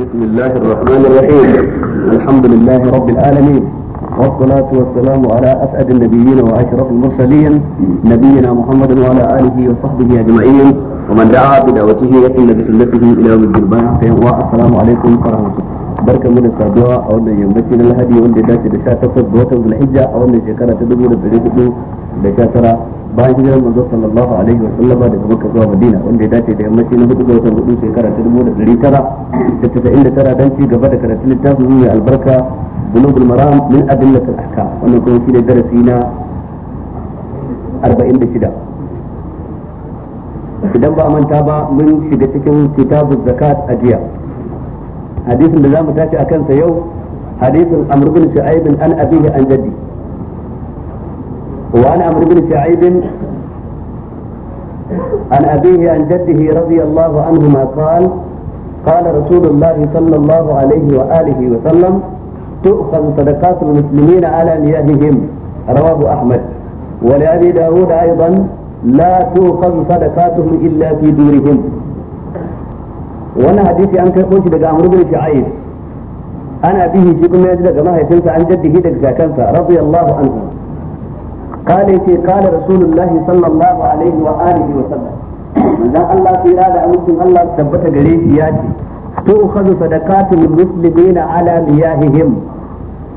بسم الله الرحمن الرحيم الحمد لله رب العالمين والصلاة والسلام على أسعد النبيين وأشرف المرسلين نبينا محمد وعلى آله وصحبه أجمعين ومن دعا بدعوته وسن بسنته إلى يوم الدين والسلام عليكم ورحمة الله بركة من da أو من wannan الهدي na lahadi wanda ya بالحجة أو من شكرة watan zulhijja a bayan hijirar manzo sallallahu alaihi wa sallama daga Makka zuwa Madina wanda ya dace da yammaci na hudu ga watan hudu shekara ta dubu da ɗari tara da tasa'in da tara don ci gaba da karatun littafin mai albarka bulugul maram min adillat al ahkam wannan kuma shi ne darasi na arba'in da shida idan ba a manta ba mun shiga cikin kitabu zakat a jiya hadisin da za mu tashi a kansa yau hadisin amr bin shu'aib an abihi an jaddi وعن عمرو بن شعيب عن أبيه عن جده رضي الله عنهما قال قال رسول الله صلى الله عليه وآله وسلم تؤخذ صدقات المسلمين على نيابهم رواه أحمد ولأبي داود أيضا لا تؤخذ صدقاتهم إلا في دورهم وانا حديثي أنك قلت لك عمرو بن شعيب أنا به شيء كما يجد لك ما هي عن جده لك رضي الله عنه قال يتي قال رسول الله صلى الله عليه وآله وسلم من الله في رادة أمسن الله ثبت قريب ياتي تأخذ صدقات المسلمين على مياههم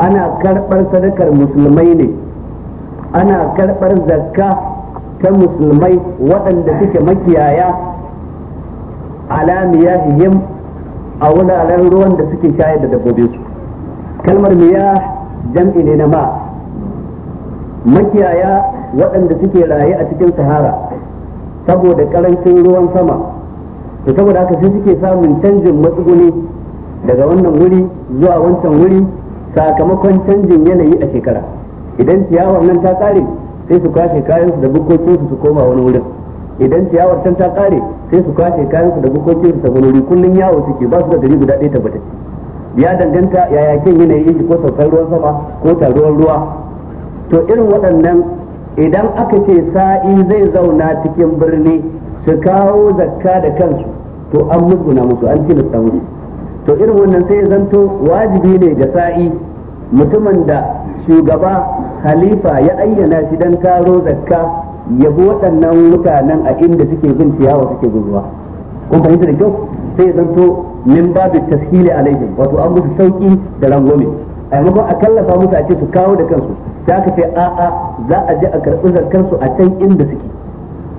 أنا كربر صدق المسلمين أنا كربر زكاة كمسلمين وأن دفك مكيايا على مياههم أولا على ruwan دفك شايد shayar da dabbobinsu kalmar miyah jam'i makiyaya waɗanda suke raye a cikin sahara saboda karancin ruwan sama to saboda haka sai suke samun canjin matsuguni daga wannan wuri zuwa wancan wuri sakamakon canjin yanayi a shekara idan ciyawar nan ta kare sai su kwashe kayansu da bukokinsu su koma wani wurin idan ciyawar can ta kare sai su kwashe kayansu da bukokinsu ta wani wuri kullum yawo suke ba su da dari guda ɗaya tabbatacce ya danganta yaya kin yanayi ko saukar ruwan sama ko taruwar ruwa to irin waɗannan idan aka ce sa'i zai zauna cikin birni su kawo zakka da kansu to an na musu an tilasta musu to irin wannan sai zanto wajibi ne ga sa'i mutumin da shugaba halifa ya ayyana shi dan karo zakka ya bi waɗannan mutanen a inda suke bin ciyawa suke guzuwa ruwa kun fahimta da kyau sai zanto min babu a alaihim wato an musu sauƙi da rangwame a maimakon a kallafa musu a ce su kawo da kansu ta aka ce a'a za a je a karɓi zarkansu a can inda suke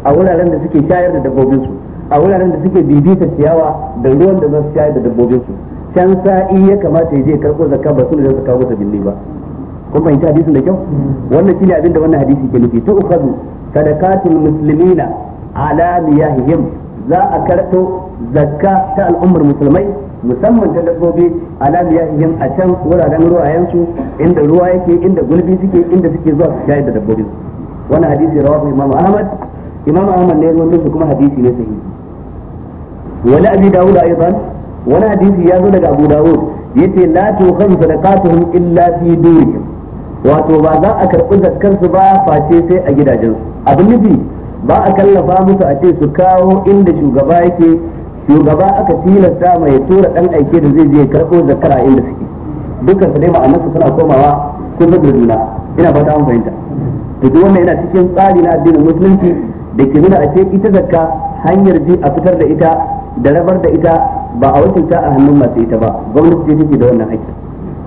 a wuraren da suke shayar da dabbobinsu a wuraren da suke bibita ciyawa da ruwan da za su shayar da dabbobinsu can sa'i ya kamata ya je karɓo zakka ba su da su kawo masa binne ba kun fahimci hadisin da kyau wannan shine abin da wannan hadisi ke nufi tu'khadhu sadaqatul muslimina ala miyahihim za a karɓo zakka ta al'ummar musulmai musamman ta dabbobi ala yin a can wuraren ruwayensu inda ruwa yake inda gulbi suke inda suke zuwa su shayar da dabbobin wannan hadisi rawahu imam ahmad imam ahmad ne wanda su kuma hadisi ne sahihi wani abi dawud aidan wani hadisi ya zo daga abu dawud yace la tukhadhu sadaqatuhum illa fi durihim wato ba za a karɓi zakkarsu ba face sai a gidajensu abin nufi ba a kallafa musu a ce su kawo inda shugaba yake shugaba aka tilasta mai ya tura dan aike da zai je ya karɓo zakara inda suke dukkan su dai su suna komawa kusa da juna ina ba ta fahimta to duk wannan yana cikin tsari na addinin musulunci da ke nuna a ce ita zakka hanyar ji a fitar da ita da rabar da ita ba a ta a hannun masu ita ba gwamnati ce take da wannan aiki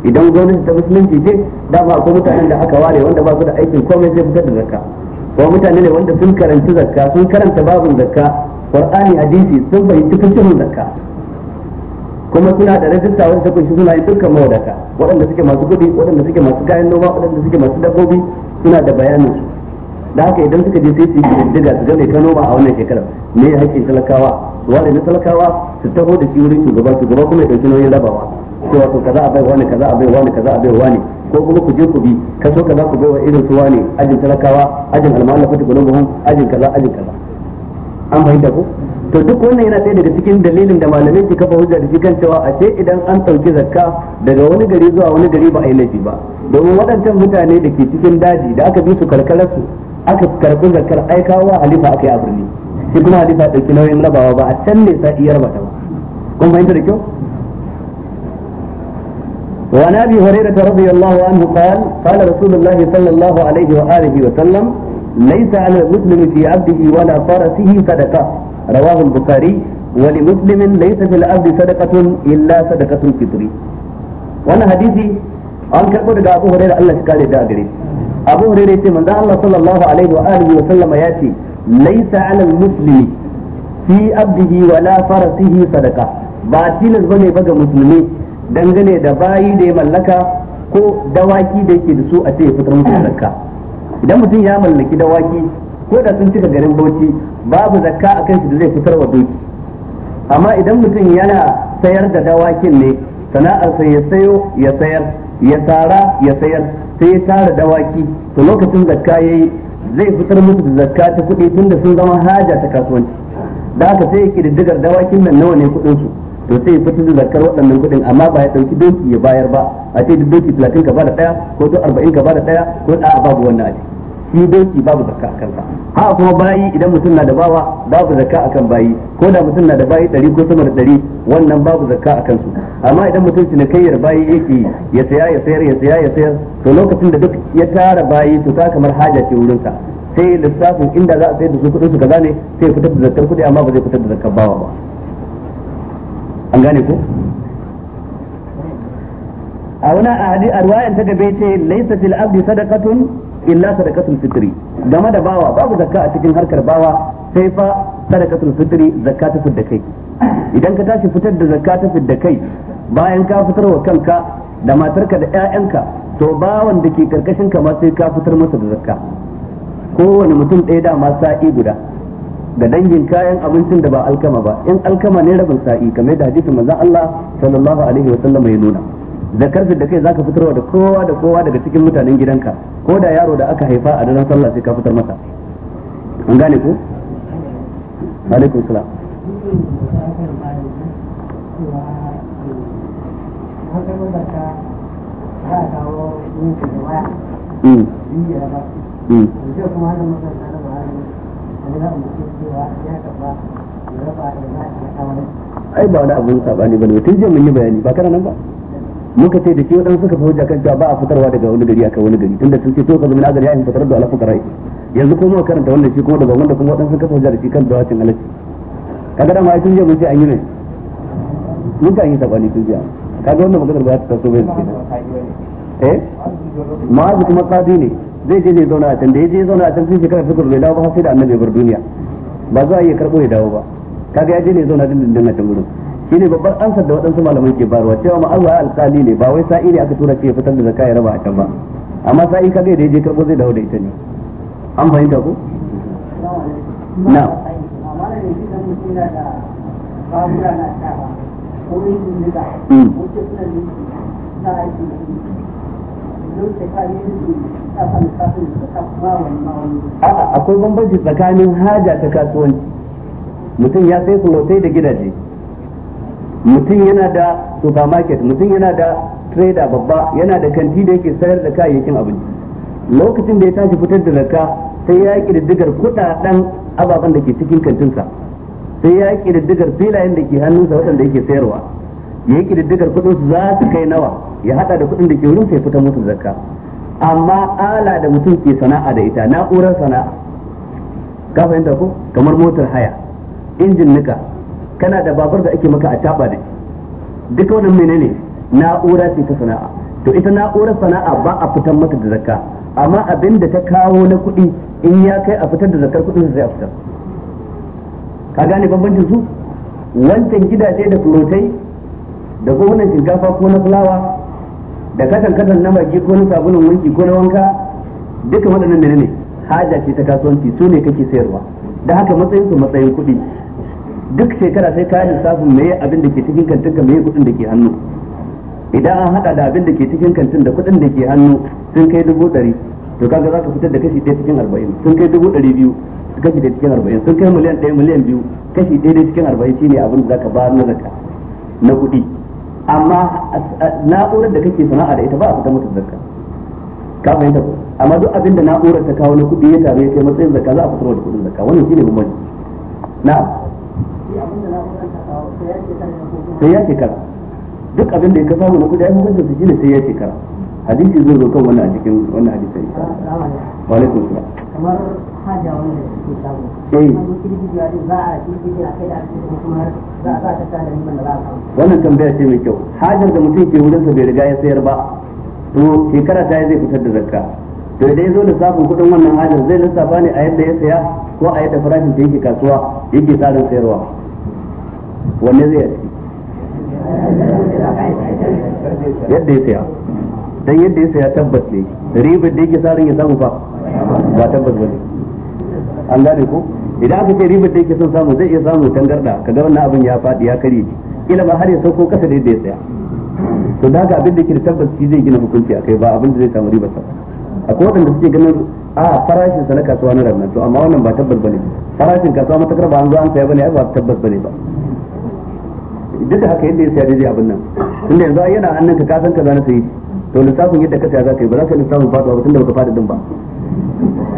idan gwamnati ta musulunci ce ba akwai mutanen da aka ware wanda ba su da aikin komai sai fitar da zakka ko mutane ne wanda sun karanci zakka sun karanta babin zakka qur'ani hadisi sun fahimci cikin zakka kuma suna da rajista wanda ta kunshi suna yi dukkan mawadaka waɗanda suke masu kuɗi waɗanda suke masu kayan noma waɗanda suke masu dabbobi suna da bayanin su da haka idan suka je sai su yi diga su gane ka noma a wannan shekarar me haƙƙin talakawa su ware na talakawa su taho da shi wurin shugaba shugaba kuma ya ɗauki nauyin rabawa ko wato kaza a bai wani kaza a bai wani kaza a bai wani ko kuma ku je ku bi kaso kaza ku bai wa irin su wani ajin talakawa ajin almu'allafati qulubuhum ajin kaza ajin kaza an fahimta ko to duk wannan yana ɗaya daga cikin dalilin da malamai ke kafa hujja da kan cewa a ce idan an ɗauki zakka daga wani gari zuwa wani gari ba a yi laifi ba domin waɗancan mutane da ke cikin daji da aka bi su karkararsu aka karɓi zakkar aikawa halifa aka yi a birni shi kuma halifa ɗauki nauyin rabawa ba a can ne sa iyar ba kun fahimta da kyau وعن ابي هريره رضي الله عنه قال قال رسول الله صلى الله عليه واله وسلم laisa ala muslimi fi abdihi wala farasihi sadaqa rawahu al-bukhari wa li muslimin laysa abdi sadaqatun illa sadaqatun fitri wannan hadisi an karbo daga Abu Hurairah Allah shi kare da gare Abu Hurairah yace manzo Allah sallallahu alaihi wa alihi wa laisa ala muslimi fi abdihi wala farasihi sadaqa ba tilas bane ba ga musulmi dangane da bayi da ya mallaka ko dawaki da yake da su a ce fitar idan mutum ya mallaki dawaki ko da sun cika garin bauchi babu zakka a kansu da zai fitar wa doki amma idan mutum yana sayar da dawakin ne sana'ar sa ya sayo ya sayar ya tara ya sayar sai ya tara dawaki to lokacin zakka yayi zai fitar musu da zakka ta kuɗi tunda sun zama haja ta kasuwanci da haka sai ya kididdigar dawakin nan nawa ne kuɗin su to sai ya fitar da zakar waɗannan kuɗin amma ba ya ɗauki doki ya bayar ba a ce duk doki talatin ka bada ɗaya ko duk arba'in ka bada ɗaya ko a babu wannan aji shi doki babu zakka a kansa haka kuma bayi idan mutum na da bawa babu zakka akan bayi ko da mutum na da bayi ɗari ko sama da ɗari wannan babu zakka a kansu amma idan mutum cinikayyar bayi yake ya saya ya sayar ya saya ya sayar to lokacin da duk ya tara bayi to ta kamar haja ce wurinsa sai lissafin inda za a sayar da su kuɗin su kaza ne sai fitar da zakkar kuɗi amma ba zai fitar da zakkar bawa ba an gane ko a wani ahadi a ruwayan ta gabe ce laisa fil abdi sadaqatun illa sadaqatul fitri game da bawa babu zakka a cikin harkar bawa sai fa sadaqatul fitri zakatu ta fidda kai idan ka tashi fitar da zakatu ta fidda kai bayan ka fitar wa kanka da matarka da 'ya'yanka to bawan da ke karkashin ka ma sai ka fitar masa da zakka kowane mutum ɗaya da ma sa'i guda da dangin kayan abincin da ba alkama ba in alkama ne rabin sa'i kamar da hadisin manzon Allah sallallahu alaihi wa sallam ya nuna zakar da kai zaka fitarwa da kowa da kowa daga cikin mutanen gidanka ko da yaro da aka haifa a daren sallah sai ka fitar masa an gane ko alaikum salam Mm. ai ba wani abun sabani bane tun jiya mun yi bayani ba kana nan ba muka ce da shi wadansu suka fahimta kan cewa ba a fitarwa daga wani gari aka wani gari tunda sun ce to ka zama azar yayin fitar da alafu karai yanzu ko muka karanta wannan shi kuma daga wanda kuma wadansu suka fahimta da shi kan dawacin halacci kaga da ma ai tun jiya mun ce an yi mai mun ga an yi sabani tun jiya kaga wannan magana ba ta taso bai eh ma'azu kuma kadi ne zai je zai zauna a can da ya je zauna a can sai shekara ta bai dawo ba sai da annabi bar duniya ba za a iya karɓo ya dawo ba kaga ya je ne zauna dindindin a can gurin shine babbar ansar da waɗansu malamai ke barwa cewa ma ya alƙali ne ba wai sa'i ne aka tura ke fitar da zakka ya raba a can ba amma sa'i kaga da ya je karɓo zai dawo da ita ne an fahimta ko na'am Mm. akwai bambanci tsakanin haja ta kasuwanci mutum ya sai sulotai da gidaje mutum yana da supermarket mutum yana da trader babba yana da kanti da yake sayar da kayayyakin abinci lokacin da ya tashi fitar da zakka sai ya yi kudaden ababen da ke cikin kantinsa sai ya yi filayen da ke hannunsa waɗanda yake sayarwa ya yi kididdigar kudin su za su kai nawa ya hada da kudin da ke wurin sai fitar musu zakka amma ala da mutum ke sana'a da ita na'urar sana'a ka fahimta ko kamar motar haya injin nika kana da babur da ake maka a taba da duka wannan menene na'ura ce ta sana'a to ita na'urar sana'a ba a fitar mata da zakka amma abin da ta kawo na kuɗi in ya kai a fitar da zakkar kuɗin sai a fitar ka gane bambancin su wancan gidaje da fulotai da gonan shinkafa ko na fulawa da kasan kasan na baki ko na sabulun wanki ko na wanka duka waɗannan menene haja ce ta kasuwanci su ne kake sayarwa da haka matsayin su matsayin kuɗi duk shekara sai kayan lissafin me abin da ke cikin kantin ka meye kuɗin da ke hannu idan an hada da abin da ke cikin kantin da kuɗin da ke hannu sun kai dubu ɗari to kaga za ka fitar da kashi ɗaya cikin arba'in sun kai dubu ɗari biyu kashi ɗaya cikin arba'in sun kai miliyan ɗaya miliyan biyu kashi ɗaya cikin arba'in shine abin da za ka bayar na zaka na kuɗi amma na'urar da kake sana'a da ita ba a fita mata zakka ka fahimta ko amma duk abin da na'urar ta kawo na kuɗi ya taru ya kai matsayin zakka za a fitar da kuɗin zakka wannan shine bambanci na sai ya shekara duk abin da ya mu na kuɗi ai hukuncin su shine sai ya shekara hadisi zai zo kan wannan a cikin wannan hadisin wa alaikum salam kamar wannan tambaya ce mai kyau hajar da mutum ke wurinsa bai riga ya sayar ba to shekara ta zai fitar da zakka to idan ya zo lissafin kuɗin wannan hajar zai lissafa ne a yadda ya saya ko a yadda farashin da yake kasuwa yake tsarin sayarwa wanne zai yi yadda ya saya dan yadda ya saya tabbas ne ribar da yake tsarin ya samu ba ba tabbas ba ne an gane ko idan aka ce ribar da yake son samu zai iya samu tangarda ka ga wannan abin ya faɗi ya kare shi kila ma har ya sauko kasa da yadda ya tsaya to daga abin da yake da tabbas shi zai gina hukunci akai ba abin da zai samu ribar sa akwai waɗanda suke ganin a farashin sa na kasuwa na ranar to amma wannan ba tabbas bane farashin kasuwa matakar ba an zo an saya bane ai ba tabbas bane ba duk da haka yadda ya saya daidai abin nan tunda yanzu yana hannunka ka kasan ka zana sayi to lissafin yadda ka saya za ka yi ba za ka lissafin faduwa ba tunda baka fadi din ba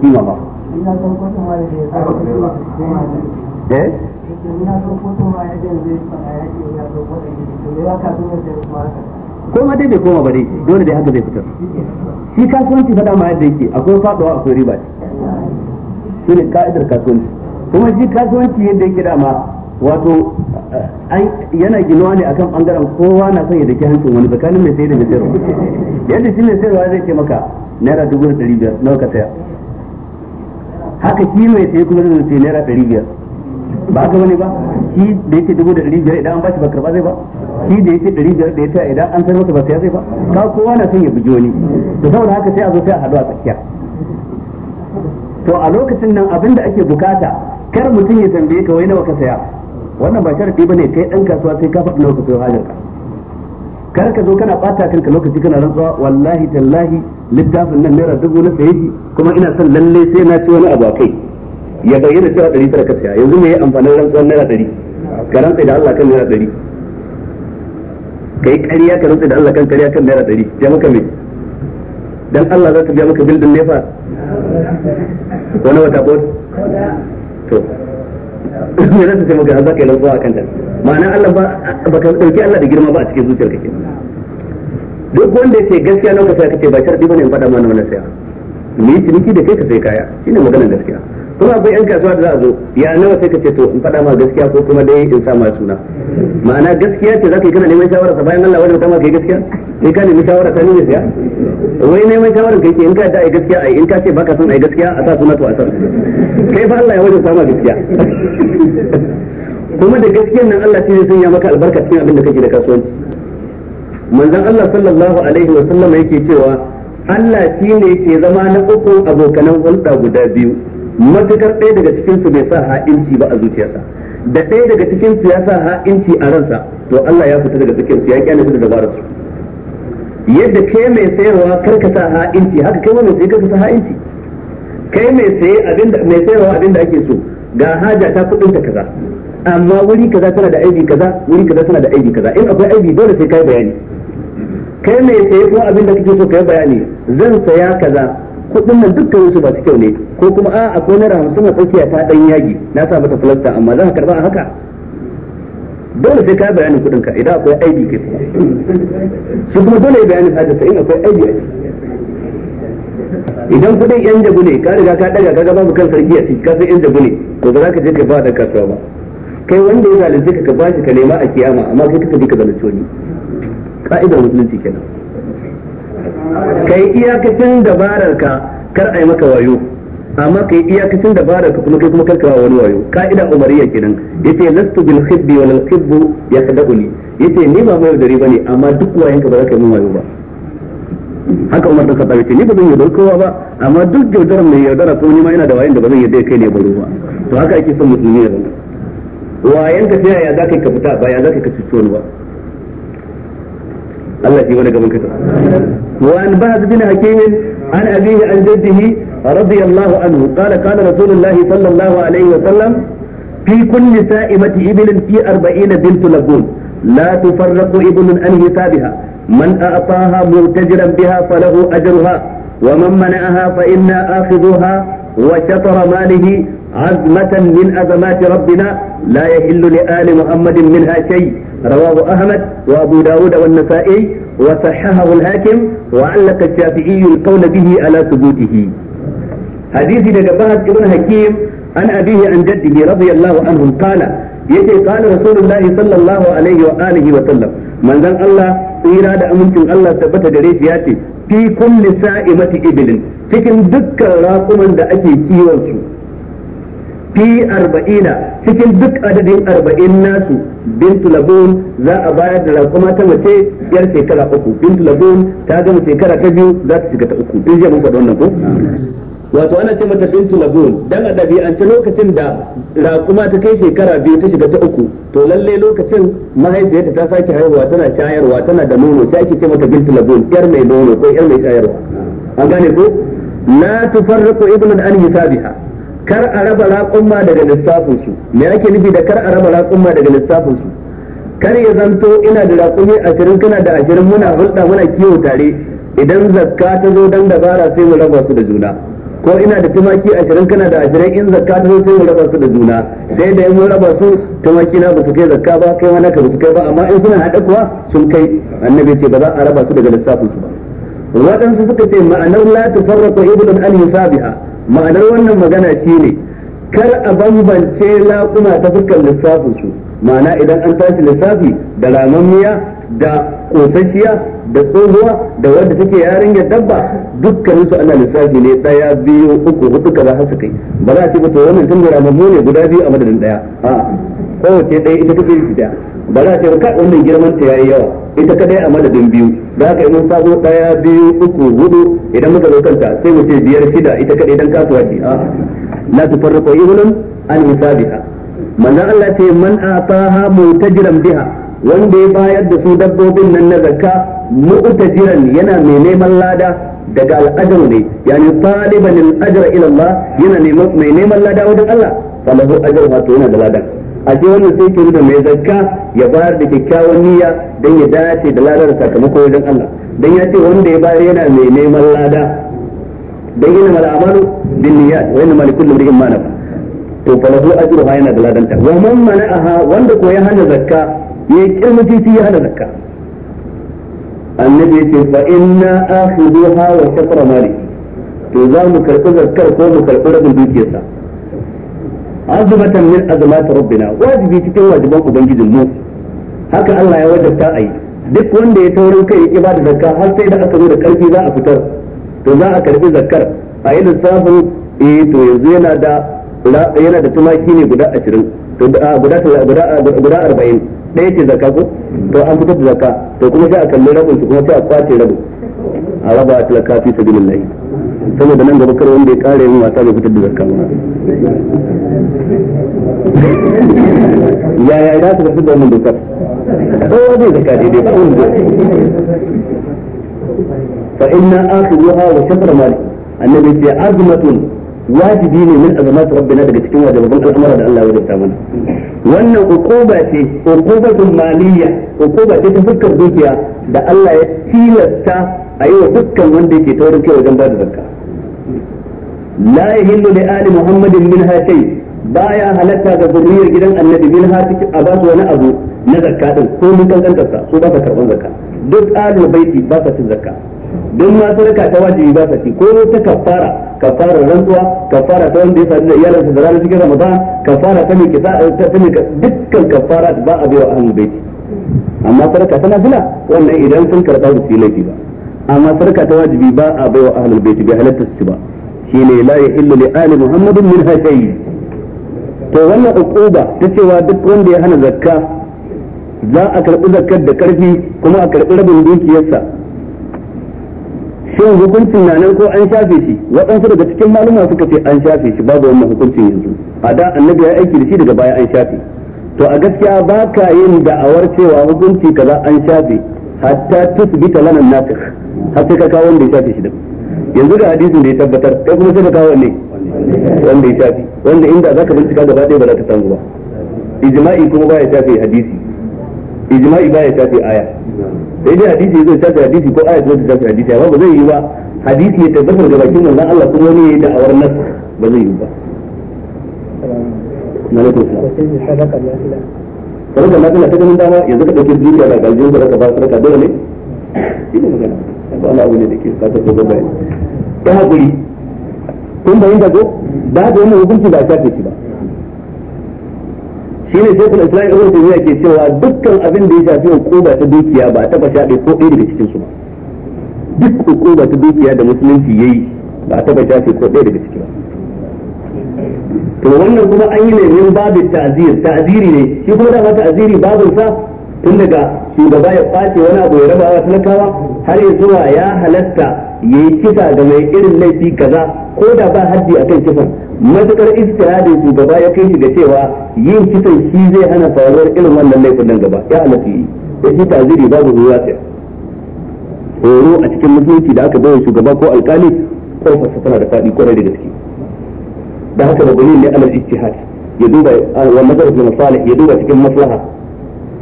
kima ba eh ko ma dai bai koma ba dai dole dai haka zai fitar shi kasuwanci fada ma yadda yake akwai faduwa akwai riba ce shi ne ka'idar kasuwanci kuma shi kasuwanci yadda yake dama wato yana ginuwa ne akan bangaren kowa na son ya dake hancin wani tsakanin mai sai da mai sayarwa yadda shi mai sayarwa zai ce maka naira dubu da ɗari biyar nawa ka saya haka shi ya sai kuma zai sai naira ɗari biyar ba haka bane ba shi da yake dubu da ɗari biyar idan an ba shi ba karba zai ba shi da yake ɗari biyar da ya taya idan an sayar masa ba sai zai ba ka kowa na son ya buji wani to saboda haka sai a zo sai a haɗu a tsakiya to a lokacin nan abin da ake bukata kar mutum ya tambaye ka wai nawa ka saya wannan ba sharadi bane kai dan kasuwa sai ka faɗi nawa ka sayo hajar ka kar ka zo kana ɓata kanka lokaci kana rantsuwa wallahi tallahi littafin nan naira dubu na saye shi kuma ina son lalle sai na ci wani abu a kai ya bayyana cewa ɗari tara ka saya yanzu me ya amfanin rantsuwar naira ɗari ka rantsa da Allah kan naira ɗari ka yi ƙarya ka rantsa da Allah kan ƙarya kan naira ɗari ya maka me dan Allah za ka biya maka bildin nefa wani wata ko to me za ta ce za ka yi rantsuwa a kanta ma'ana Allah ba ka ɗauki Allah da girma ba a cikin zuciyarka kenan duk wanda yake gaskiya lokaci ka ce ba sharadi bane in faɗa mana wannan sai ni yi ciniki da kai ka sai kaya shine maganar gaskiya kuma akwai yan kasuwa da za a zo ya nawa sai ka ce to in faɗa ma gaskiya ko kuma dai in sa ma suna ma'ana gaskiya ce za ka yi kana neman shawara sa bayan Allah wajen kama kai gaskiya kai ka nemi shawara ta nemi siya wai neman shawara kai ke in ka da ai gaskiya ai in ka ce baka son ai gaskiya a sa suna to a sa kai fa Allah ya wajen kama gaskiya kuma da gaskiyan nan Allah shi zai sanya maka albarka cikin abin da kake da kasuwanci manzon Allah sallallahu alaihi wa sallam yake cewa Allah shi ne ke zama na uku abokanan hulɗa guda biyu matukar ɗaya daga cikin su bai sa ha'inci ba a zuciyarsa da ɗaya daga cikin su ya sa ha'inci a ransa to Allah ya fita daga cikin su ya kyale su da dabarar su yadda kai mai sayarwa kar ka sa ha'inci haka kai mai sayarwa ka sa ha'inci kai mai saye abinda mai sayarwa abinda ake so ga haja ta kudin ta kaza amma wuri kaza tana da aibi kaza wuri kaza tana da aibi kaza in akwai aibi dole sai kai bayani kai mai saye kuma abin da kake so kai bayani zan saya kaza kudin nan dukkan su masu kyau ne ko kuma a akwai naira hamsin a tsakiya ta dan yagi na sa mata flasta amma zan karba a haka dole sai ka bayanin kudin ka idan akwai aibi kai su kuma dole ya bayanin hajjarsa in akwai aibi a idan kudin yan jabu ne ka riga ka daga ka babu kan sarki a ciki ka san yan jabu ne to ba za ka je ka ba da kasuwa ba kai wanda ya zalunce ka ka bashi ka nema a kiyama amma kai ka ka zalunce wani ka'idar musulunci kenan kai iyakacin dabarar ka kar a yi maka wayo amma kai iyakacin dabarar ka kuma kai kuma karka wani wayo ka'ida umariya kenan yace lastu bil khibbi wal khibbu yakhda'uni yace ni ba mai gari bane amma duk wayan ka ba za ka yi min wayo ba haka Umar dan Khattab ce ni ba zan yaudar kowa ba amma duk yaudarar mai yaudara ko ni ma ina da wayan da ba zan yarda kai ne baro ba to haka ake son musulmi ya zama wayan ka sai ya zaka ka fita ba ya zaka ka cuci wani ba Allah shi wani gaban kasa wa an ba'd bin hakim an abihi an jaddihi radiyallahu anhu qala qala rasulullahi sallallahu alaihi wa sallam fi kulli sa'imati ibilin fi 40 bintu lagun la tufarraqu iblun an hisabiha man a'taha mutajiran biha falahu ajruha ومن منعها فإنا آخذها وشطر ماله عزمة من أزمات ربنا لا يحل لآل محمد منها شيء رواه أحمد وأبو داود والنسائي وصححه الحاكم وعلق الشافعي القول به على ثبوته حديث لجبهة ابن حكيم عن أبيه عن جده رضي الله عنهم قال يجي قال رسول الله صلى الله عليه وآله وسلم من ذن الله tsira da amincin Allah tabbata da shi ya ce fi kulli sa'imati ibilin cikin dukkan raƙuman da ake kiwon su fi arba'ina cikin duk adadin arba'in nasu bintu labun za a bayar da raƙuma ta mace yar shekara uku bintu labun ta gama shekara ta biyu za ta shiga ta uku in je mun wannan ko wato ana ce mata bintu labun dan a ɗabi'ance lokacin da raƙuma ta kai shekara biyu ta shiga ta uku to lalle lokacin mahaifiyarta ta sake haihuwa tana shayarwa tana da nono sai ake ce mata bintu labun yar mai nono ko yar mai shayarwa an gane ko la tufarriqu ibnan an hisabiha kar a raba raƙumma daga lissafin su me ake nufi da kar a raba raƙumma daga lissafin su kar ya zanto ina da raƙumi ashirin kana da ashirin muna hulɗa muna kiwo tare idan zakka ta zo dan dabara sai mu raba su da juna ko ina da tumaki ashirin kana da ashirin in zakka ta zo sai mu raba su da juna sai da mun raba su tumaki na basu kai zakka ba kai ma naka basu kai ba amma in suna haɗa kuwa sun kai annabi ce ba za a raba su daga lissafin su ba waɗansu suka ce ma'anar la tufarraqu iblun an hisabiha ma'anar wannan magana shi ne kar a bambance laƙuna ta fuskar lissafin su ma'ana idan an tashi lissafi da ramammiya da ƙosashiya da tsohuwa da wanda take yarinya dabba dukkanin su ana lissafi ne ɗaya biyu uku hudu kaza har su kai ba za a ce ba to wannan tun da ramammu ne guda biyu a madadin ɗaya. a kowace ɗaya ita take shi daya ba za ce kai wannan girman ta yayi yawa ita kadai a madadin biyu da haka mun sabo daya biyu uku hudu idan muka zo kanta sai mu ce biyar shida ita kadai dan kasuwa ce a la tufarriqu ibnun an hisabiha manzo Allah ce man ataha mutajiran biha wanda ya bayar da su dabbobin nan na zakka mu'tajiran yana mai neman lada daga al'ajar ne yani taliban al'ajar ila Allah yana mai neman lada wajen Allah falahu ajruha wato yana da lada. a je wannan sai ke da mai zakka ya bayar da kyakkyawan niyya dan ya dace da ladar sakamako wajen Allah dan ya ce wanda ya bayar yana mai neman lada dan yana mal amalu bin niyyat wa inna mal kullu imrin ma nafa to fa lahu ajruha yana da ladanta wa man mana'aha wanda ko ya hana zakka ya kirmuci shi ya hana zakka annabi yace fa inna akhiduha wa shatra mali to za mu karɓi zakkar ko mu karɓi rabin dukiyarsa azmatan min azmat rabbina wajibi cikin wajiban ubangijin mu haka Allah ya wajabta ayi duk wanda ya taurin kai ya ibada zakka har sai da aka zo da karfi za a fitar to za a karbi zakkar a yi lissafin eh to yanzu yana da yana da tumaki ne guda 20 to guda guda 40 ɗaya ce zakka ko to an fitar da zakka to kuma sai a kalli rabin su kuma sai a kwace rabin a raba a talaka fi sabilillah saboda nan gaba kar wanda ya kare yin wasa bai fitar da zakka ba yaya za su tafi da wannan dokar kowa zai zaka daidai ba wani zai fa inna akhiruha wa shafar malik annabi ce azmatun wajibi ne min azamatu rabbina daga cikin wajiban al'amara da Allah ya wajabta mana wannan ukuba ce ukubatun maliyya ukuba ce ta fuskar dukiya da Allah ya tilasta a yi wa dukkan wanda yake taurin kai wajen ba da zakka la yahillu li ali muhammadin min hatai baya halatta ga zurriyar gidan annabi min ha a ba su wani abu na zakka din ko mun kankantar sa su ba sa karban zakka duk alu baiti ba sa cin zakka duk ma sadaka ta wajibi ba sa ci ko ta kafara kafara rantsuwa kafara ta wanda ya sadu da iyalansa da ranar cikin ramadan kafara ta mai kisa ta mai dukkan kafara ba a biyo ahlul amma sadaka wannan idan sun karɓa su laifi ba amma sadaka ta wajibi ba a baiwa ahlul bai halarta su ci ba shine la yahillu li ali muhammadin min hashay to wannan uquba ta cewa duk wanda ya hana zakka za a karbi zakkar da karfi kuma a karbi rabin dukiyarsa shin hukuncin na nan ko an shafe shi waɗansu daga cikin maluma suka ce an shafe shi babu wannan hukuncin yanzu a da annabi ya aiki da shi daga baya an shafe to a gaskiya ba ka yin da'awar cewa hukunci kaza an shafe hatta tusbita lana nasikh har sai ka kawo wanda ya shafe shi da yanzu da hadisin da ya tabbatar kai kuma sai ka kawo ne wanda ya shafi wanda inda zaka bincika gaba ɗaya ba za ka samu ba ijma'i kuma baya shafi hadisi ijma'i baya shafi aya sai dai hadisi zai shafi hadisi ko aya zai shafi hadisi amma ba zai yi ba hadisi ya tabbatar da bakin manzon Allah kuma ne yayi da'awar nas ba zai yi ba na tana ta ganin dama yanzu ka dauke zuciya da galjin da ka ba sadaka dole ne shi ne magana ba na abu ne da ke kasar da ko bayani ya haƙuri kun bayin ko da haka wannan hukunci ba a shafe shi ba shi ne shekul islam ibn taymiya ke cewa dukkan abin da ya shafi hukuma ta dukiya ba a taba shafe ko ɗaya daga cikin su ba duk hukuma ta dukiya da musulunci yayi ba a taba shafe ko ɗaya daga ciki ba to wannan kuma an yi ne min babu ta'zir ta'ziri ne shi kuma da ta'ziri babun sa tun daga shugaba ya kwace wani abu ya raba wa talakawa har ya zuwa ya halatta ya yi kisa da mai irin laifi kaza ko da ba haddi a kan kisan matukar su shugaba ya kai shi ga cewa yin kisan shi zai hana faruwar irin wannan laifin nan gaba ya halatta yi ya shi taziri babu zuwa ta horo a cikin musulunci da aka bayar shugaba ko alkali ko tana da faɗi kwarai da gaske da haka da gani ne alal istihad ya duba wa mazhabul masalih ya duba cikin maslaha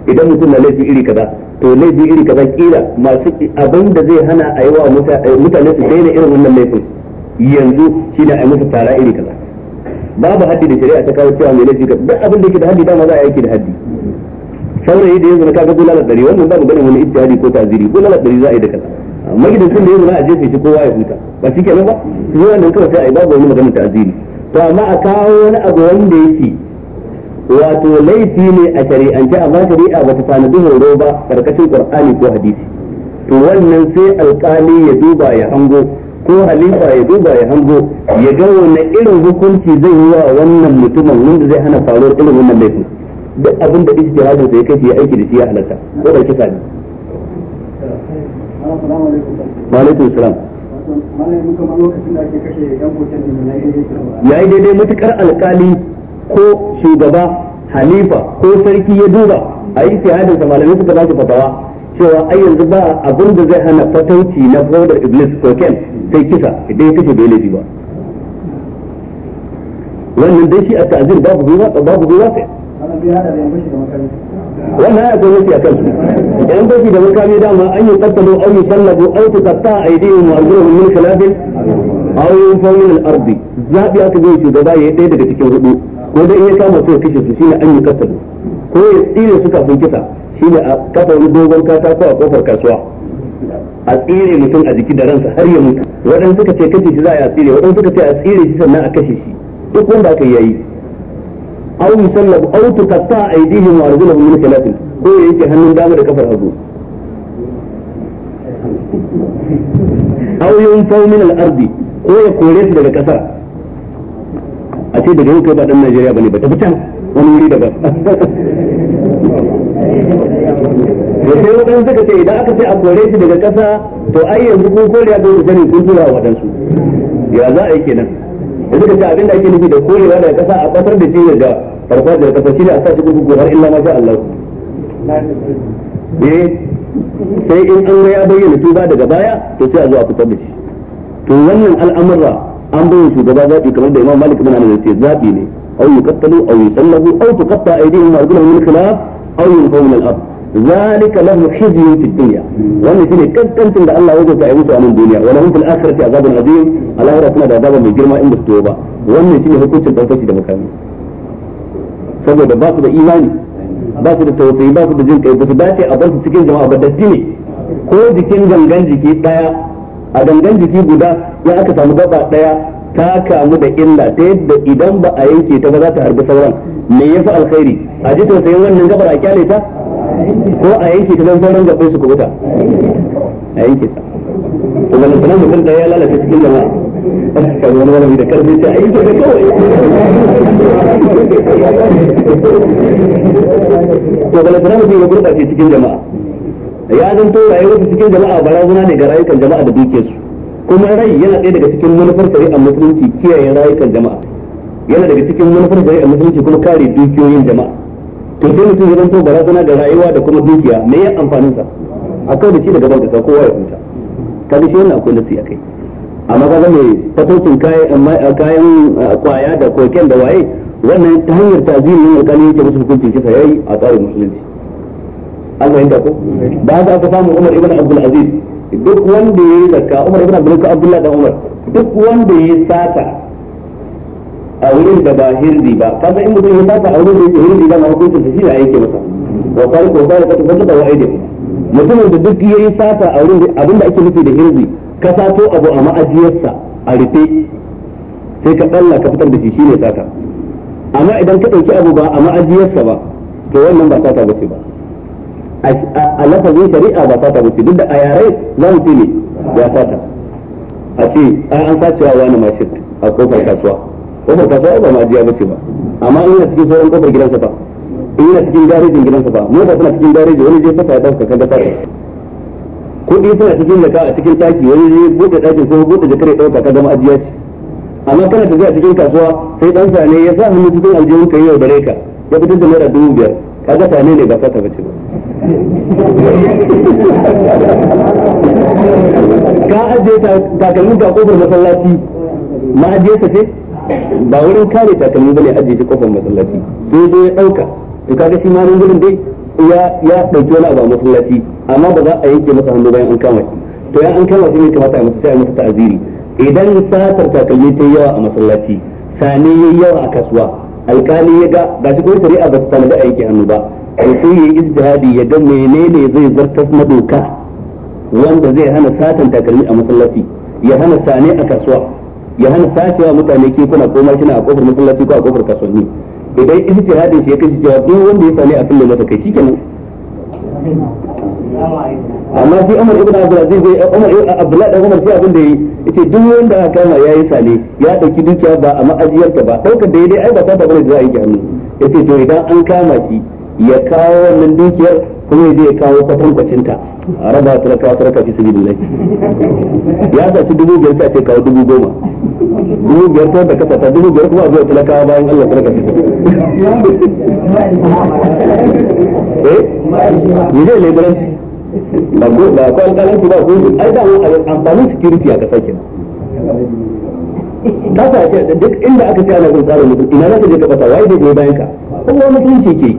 idan mutum na laifi iri kaza to laifi iri kaza kila masu abin da zai hana a yi wa eh, mutane su daina irin wannan laifin yanzu shi ne a musu tara iri kaza babu haddi da shari'a ta kawo cewa mai laifi ga duk abin da yake da haddi dama za a yake da haddi saurayi da yanzu na kaga gula dari wannan ba ganin wani ittihadi ko ta'ziri gula dari za a yi da kaza sun da yanzu na a jefe shi kowa ya huta ba shi kenan ba shi wannan kawai sai a yi babu wani maganin ta'ziri to amma a kawo wani abu wanda yake wato laifi ne a shari'ance amma shari'a bata tanadi horo ba karkashin qur'ani ko hadisi to wannan sai alkali ya duba ya hango ko halifa ya duba ya hango ya ga wani irin hukunci zai yi wa wannan mutumin wanda zai hana faruwar irin wannan laifin duk abin da ijtihadin sa ya kai ya aiki da shi ya halatta ko da kisa ne wa alaikum salam yayi daidai matukar alkali ko shugaba halifa ko sarki ya duba a yi tihadin sa malamai suka ba su fatawa cewa ai yanzu ba abin da zai hana fatauci na fodar iblis ko ken sai kisa idan ya kashe bai laifi ba wannan dai shi a ta'azir babu zuwa babu zuwa sai wannan ya kai a kansu yan bashi da makami dama an yi qattalu aw yusallabu aw tuqatta aydihim wa arjuluhum min khilafin aw yunfaw min al-ardi zabi aka bai shugaba ya yi ɗaya daga cikin hudu ko dai ya kama su ya kashe su shine an yi kasalu ko ya tsire su kafin kisa shine a kafa wani dogon katako a kofar kasuwa a tsire mutum a jiki da ransa har ya mutu waɗansu suka ce kashe shi za a yi a tsire waɗansu suka ce a tsire shi sannan a kashe shi duk wanda aka yayi aw yusallabu aw tuqatta aydihim wa arjuluhum min khilaf ko ya yake hannun dama da kafar hagu aw yunfaw min al-ardi ko ya kore su daga kasar ce daga yau kai ba dan Najeriya bane ba tafi can wani wuri daban da sai waɗansu suka ce idan aka ce a kore shi daga ƙasa to ai yanzu kun kore ya don sanin kun tura waɗansu ya za a yi kenan da suka ce abin da ake nufi da korewa daga ƙasa a ƙasar da shi ya ga farfajiyar ƙasa shi ne a sa shi gugu har illa sha Allah eh sai in an ga ya bayyana tuba daga baya to sai a zo a fitar da shi to wannan al'amura an bai shugaba zaɓi kamar da Imam Malik ibn Anas yace zabi ne aw yuqtalu aw yusallabu aw tuqatta aydihim wa arjuluhum min khilaf aw yunfaw min al-ard ذلك له خزي في الدنيا وان شيء كنت عند الله وجه تعيبوا من الدنيا ولهم في الاخره عذاب عظيم على ربنا ده عذاب من ان بتوبه وان شيء حكمت دوكشي da makami saboda ba su da imani ba su da tausayi ba su da jin kai ba su dace a bar cikin jama'a ba da ne ko jikin gangan jiki a gangan jiki guda in aka samu gaba daya ta kamu da illa ta yadda idan ba a yanke ta ba za ta harbi sauran me yafi alkhairi a ji tausayin wannan gabar a kyale ta ko a yanke ta don sauran gabai su kubuta a yanke ta to ban sanan mutum da ya lalata cikin jama'a kan wani malami da karfi sai a yi ta kawai to ban sanan mutum ya gurɓace cikin jama'a ya zanto rayuwar cikin jama'a barazana ne ga rayukan jama'a da duke su kuma rai yana ɗaya daga cikin manufar shari'ar musulunci kiyaye rayukan jama'a yana daga cikin manufar shari'ar musulunci kuma kare dukiyoyin jama'a to sai mutum ya zanto barazana da rayuwa da kuma dukiya me ya amfanin sa akwai da shi daga ban kasa kowa ya huta kaga shi wannan akwai nasi akai amma kaga mai fatocin kayan kayan kwaya da koken da waye wannan ta hanyar ta'zirin alƙali yake musu hukuncin kisa yayi a tsarin musulunci Allah ya ko ba za ka samu Umar ibn Abdul Aziz duk wanda ya yi zakka Umar ibn Abdul Ka Abdullah dan Umar duk wanda ya sata a wurin da ba hirzi ba kaza in mutum ya sata a wurin da yake hirzi ba ma hukuncin da shi da yake masa wa qala ko qala ka tafadda da aidi mutumin da duk ya yi sata a wurin abinda ake nufi da hirzi ka sato abu a ma'ajiyarsa a rufe sai ka tsalla ka fitar da shi shine sata amma idan ka ɗauki abu ba a ma'ajiyarsa ba to wannan ba sata ba ce ba a lafazin shari'a ba fata wuce duk da a yare za mutu ne ya fata a ce ai an sacewa wani mashin a kofar kasuwa kofar kasuwa ba ma'ajiya ba ce ba amma in yana cikin sauran kofar gidansa ba in yana cikin garejin gidansa mu ba suna cikin gareji wani je fasa ya dauka kaga sata kuɗi suna cikin jaka a cikin taki wani je buɗe ɗakin ko buɗe jakar ya dauka ka zama ajiya ce amma kana tafiya cikin kasuwa sai dan sane ya sa hannu cikin aljihun kai yau dare ka ya fitar da naira dubu biyar kaga sane ne ba sata ce ba ka ajiye takalmin ka kofar masallaci ma ajiye ta ce ba wurin kare takalmi bane ajiye ta kofar masallaci sai zo ya dauka to kaga shi ma gurin dai ya ya dauki wani abu a masallaci amma ba za a yanke masa hannu bayan an kama shi to ya an kama shi ne kamata a masa sai a masa ta'aziri idan satar takalmi ta yawa a masallaci sani yawa a kasuwa alkali ya ga gashi ko shari'a ba ta tanada a yanke hannu ba ai sai ya yi izdihadi ya ga menene zai zartas na doka wanda zai hana satan takalmi a masallaci ya hana sane a kasuwa ya hana sacewa mutane ke kuna ko mashina a kofar masallaci ko a kofar kasuwanni idan izdihadin shi ya kashi cewa duk wanda ya sane a kulle masa kai shikenan amma sai Umar ibn Abdul Aziz zai eh, Umar eh, Abdullah da Umar sai abin da yayi yace duk wanda aka kama yayi sane ya dauki dukiya ba a ma'ajiyarka ba daukar da yayi ai ba ta da bane da za a yi hannu yace to idan an kama shi ya kawo wannan dukiyar kuma ya je ya kawo kwatankwacin ta a raba talakawa talaka fi sabilillah ya sa saci dubu biyar sai a ce kawo dubu goma dubu biyar ta da kasa ta dubu biyar kuma a zuwa talakawa bayan Allah talaka fi eh yi zai labaranci ba ko ba ko alƙalanci ba ko ai da wani amfanin security a kasa kenan ta sa ce duk inda aka ce ana son tsarin mutum ina za ka je ka fata waye zai goyi bayan ka kuma ce ke yi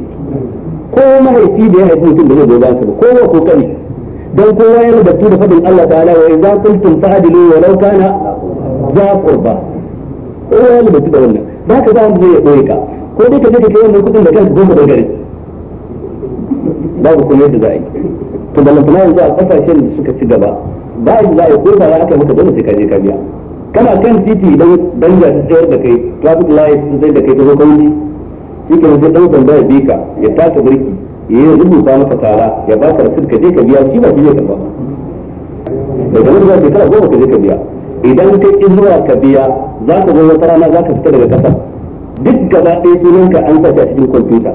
ko mahaifi da ya haifi mutum da zai goyi ba ko ba kowa ko kani dan kowa ya rubutu da fadin Allah ta'ala wa idza qultum fa'dilu wa law kana za qurba ko ya rubutu da wannan ba ka ba wanda zai koyi ka ko dai ka je ka kai wannan kudin da kanka goma da gari babu kuma yadda za a yi to lantana yanzu a kasashen da suka ci gaba ba yi za a yi ko ba kai maka dole sai ka je ka biya kana kan titi don danja ta tsayar da kai traffic light ta tsayar da kai ta zo kawai shi ke sai dan sanda ya bika ya taka birki ya yi rubuta maka tara ya baka rasul ka je ka biya shi ba shi ka ba da ga mutum ke kara goma ka je ka biya idan ka ki zuwa ka biya za ka zo wata rana za ka fita daga kasa duk gaba ɗaya sunan ka an sa a cikin kwamfuta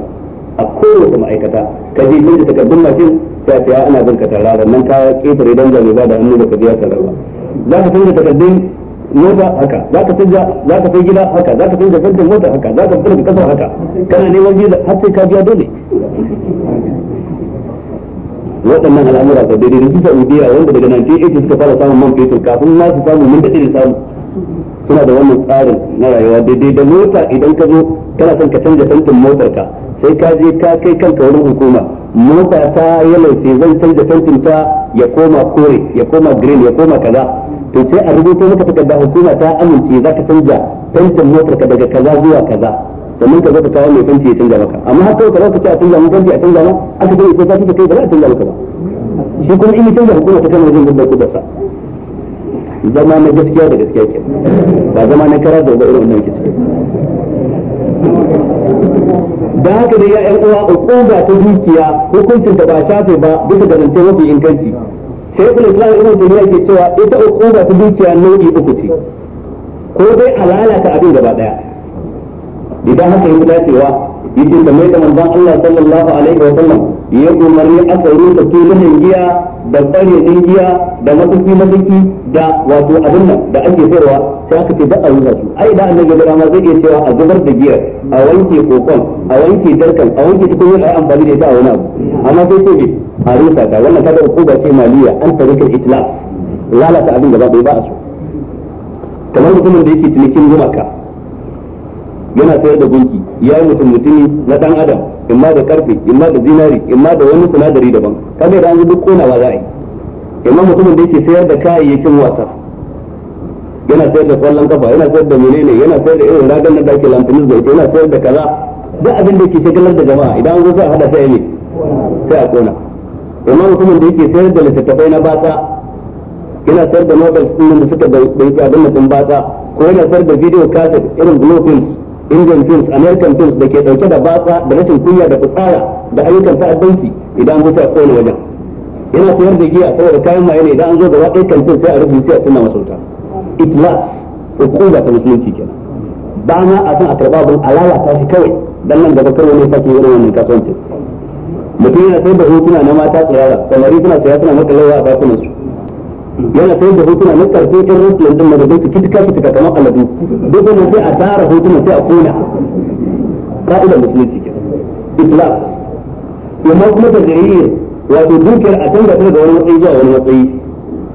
a kowace ma'aikata ka je ta takardun mashin sai sai ana ah, bin ka tara nan ka ketare dan zalunci ba da hannu da ka biya tara za ka canza takardun noma haka za ka canja za ka sai gida haka za ka canja fentin mota haka za ka fita kasar haka kana neman biza har sai ka biya dole waɗannan al'amura ba daidai da su saudiya wanda daga 1980 suka fara samun man fetur kafin ma su samu mun da irin samu suna da wannan tsarin na rayuwa daidai da mota idan ka zo kana son ka canja fentin motar ka sai ka je ka kai kanka wurin hukuma mota ta sai zan canja fentin ta ya koma kore ya koma green ya koma kaza to sai a rubuta maka takarda hukuma ta amince za ka canza tantan motarka daga kaza zuwa kaza sannan ka zo ka kawo mai fanci ya canza maka amma har kawai ka zo ka ce a canza mun fanci a canza ma aka ce ko zafi ka kai ba za a canza maka ba shi kuma in canza hukuma ta kan wajen gudda kudarsa zama na gaskiya da gaskiya ke ba zama na kara da irin wannan ke ciki da haka dai 'ya'yan uwa uquba ta dukiya hukuncin ta ba shafe ba bisa ga zance mafi inganci shekul islam ibn taymiya ke cewa ita ba ta dukiya nau'i uku ce ko dai a lalata abin gaba daya idan haka yi cewa yace mai da manzon Allah sallallahu alaihi wa sallam ya umarni da rusa tulun giya da da giya da matuki matuki da wato abin nan da ake sayarwa sai aka ce da a yi su ai da annabi gara ma zai iya cewa a zubar da giyar a wanke kokon a wanke darkan a wanke tukunyar ai amfani da ita a wani abu amma sai ce ne a rusa ta wannan kada uku ba ce maliya an tarika itlaf lalata abin gaba bai ba a so kamar mutumin da yake cinikin gumaka yana sayar da gunki ya yi mutum mutumi na dan adam imma da karfe imma da zinari imma da wani sinadari daban kaga da an duk konawa za a yi imma mutumin da yake sayar da kayayyakin wasa yana sayar da kwallon kafa yana sayar da menene yana sayar da irin ragan nan da ake lamfinin zai yana sayar da kaza duk abin da ke shagalar da jama'a idan an zo sai a hada sai ne sai a kona amma mutumin da yake sayar da littattafai na batsa yana sayar da nobel din da suka bai abin mutum batsa ko yana sayar da video cassette irin blue films indian films american films da ke dauke da batsa da rashin kunya da kutsaya da ayyukan ta'addanci idan an zo sai a kona wajen yana sayar da giya saboda kayan maye ne idan an zo gaba ɗaya kantin sai a rubuce a suna masauta itlaq hukuma ta musulunci kenan ba ma a san a karba abin alala ta shi kawai dan nan gaba karo ne sake yin wannan kasuwancin mutum yana sayar da hotuna na mata tsirara samari suna saya suna makalewa a dakunan su yana sayar da hotuna na karfe kan rufe yanzu gaba su kitka su tuka kamar aladu duk wani sai a tara hotuna sai a kona ka'idar musulunci ke islam amma kuma ta jariyar wato dukiyar a canza ta daga wani matsayi zuwa wani matsayi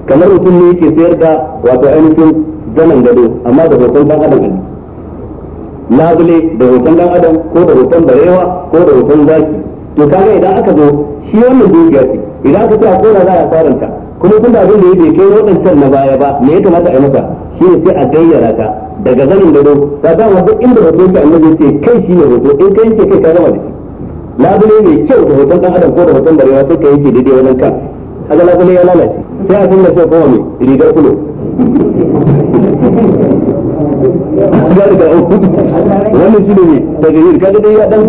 kamar mutum ne yake sayar da wato ainihin zanen gado amma da hoton dan adam ne labule da hoton dan adam ko da hoton barewa ko da hoton zaki to kaga idan aka zo shi wannan dukiya ce idan aka ce a kona za a faranta kuma tunda abin da yake kai wadancan na baya ba me ya kamata a yi maka shi ne sai a gayyara ta daga zanin gado ta dama duk inda hoton ka annabi ce kai shi ne hoto in kai yake kai ka gama da shi labule mai kyau da hoton dan adam ko da hoton barewa sai ka yake daidai wannan kan kaga labule ya lalace sai a da sai kuma mai rigar kulo ya riga uku wannan shi ne mai tagayyar kaga dai ya dan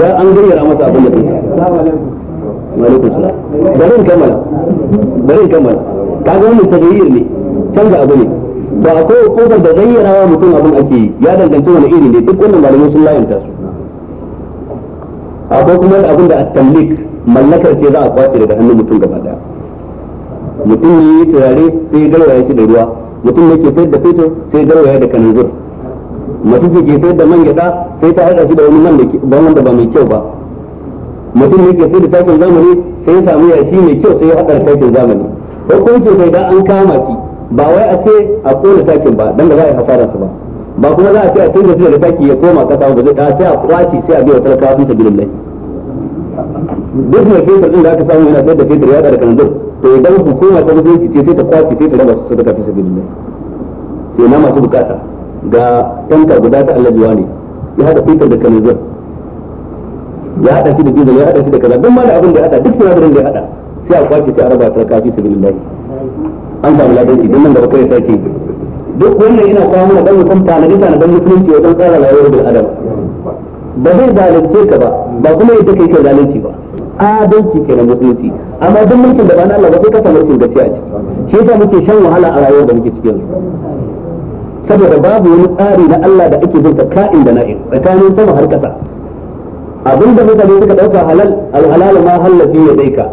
ya an gayyara masa abin da alaikum salam bari in kammala bari in kammala kaga wannan tagayyar ne canza abu ne ba akwai hukumar da gayyara wa mutum abin ake yi ya danganci wani iri ne duk wannan malamai sun layanta su akwai kuma abin da a tamlik mallakar ce za a kwace daga hannun mutum gaba daya mutum ne yi turare sai ya garwaya shi da ruwa mutum ne ke fayar da fetur sai ya garwaya da kananzir mutum ne ke fayar da man gyaɗa sai ta haɗa shi da wani man da ba mai kyau ba mutum ne ke fayar da takin zamani sai ya samu yashi mai kyau sai ya haɗa da takin zamani kuma sai da an kama shi ba wai a ce a kona takin ba dan da za a yi su ba ba kuma za a ce a canza shi daga taki ya koma kasa ba zai sai a kwashi sai a biya talakawa fi sabilillah duk mai fetur ɗin da aka samu yana fayar da fetur ya da kananzir to idan hukuma ta musulunci ce sai ta kwace sai ta raba su sadaka fi sabilillah to na masu bukata ga tanka guda ta Allah ne ya hada fikar da kanizar ya hada shi da dizal ya hada shi da kaza don ma da abin da ya hada duk sinadarin da ya hada sai a kwace sai a raba ta kafi sabilillah an samu ladanci don nan da bakai sake duk wannan yana kawo mana dan mutum dan tanadan musulunci wajen tsara rayuwar bil adam ba zai zalunce ka ba ba kuma yadda kai ka zalunci ba adalci kenan musulunci amma duk mulkin da ba na Allah ba sai ka samu rashin gaskiya a ciki shi yasa muke shan wahala a rayuwar da muke cikin saboda babu wani tsari na Allah da ake bin ka'in da na'in tsakanin sama har kasa abin da mutane suka dauka halal alhalal ma hallafi ya daika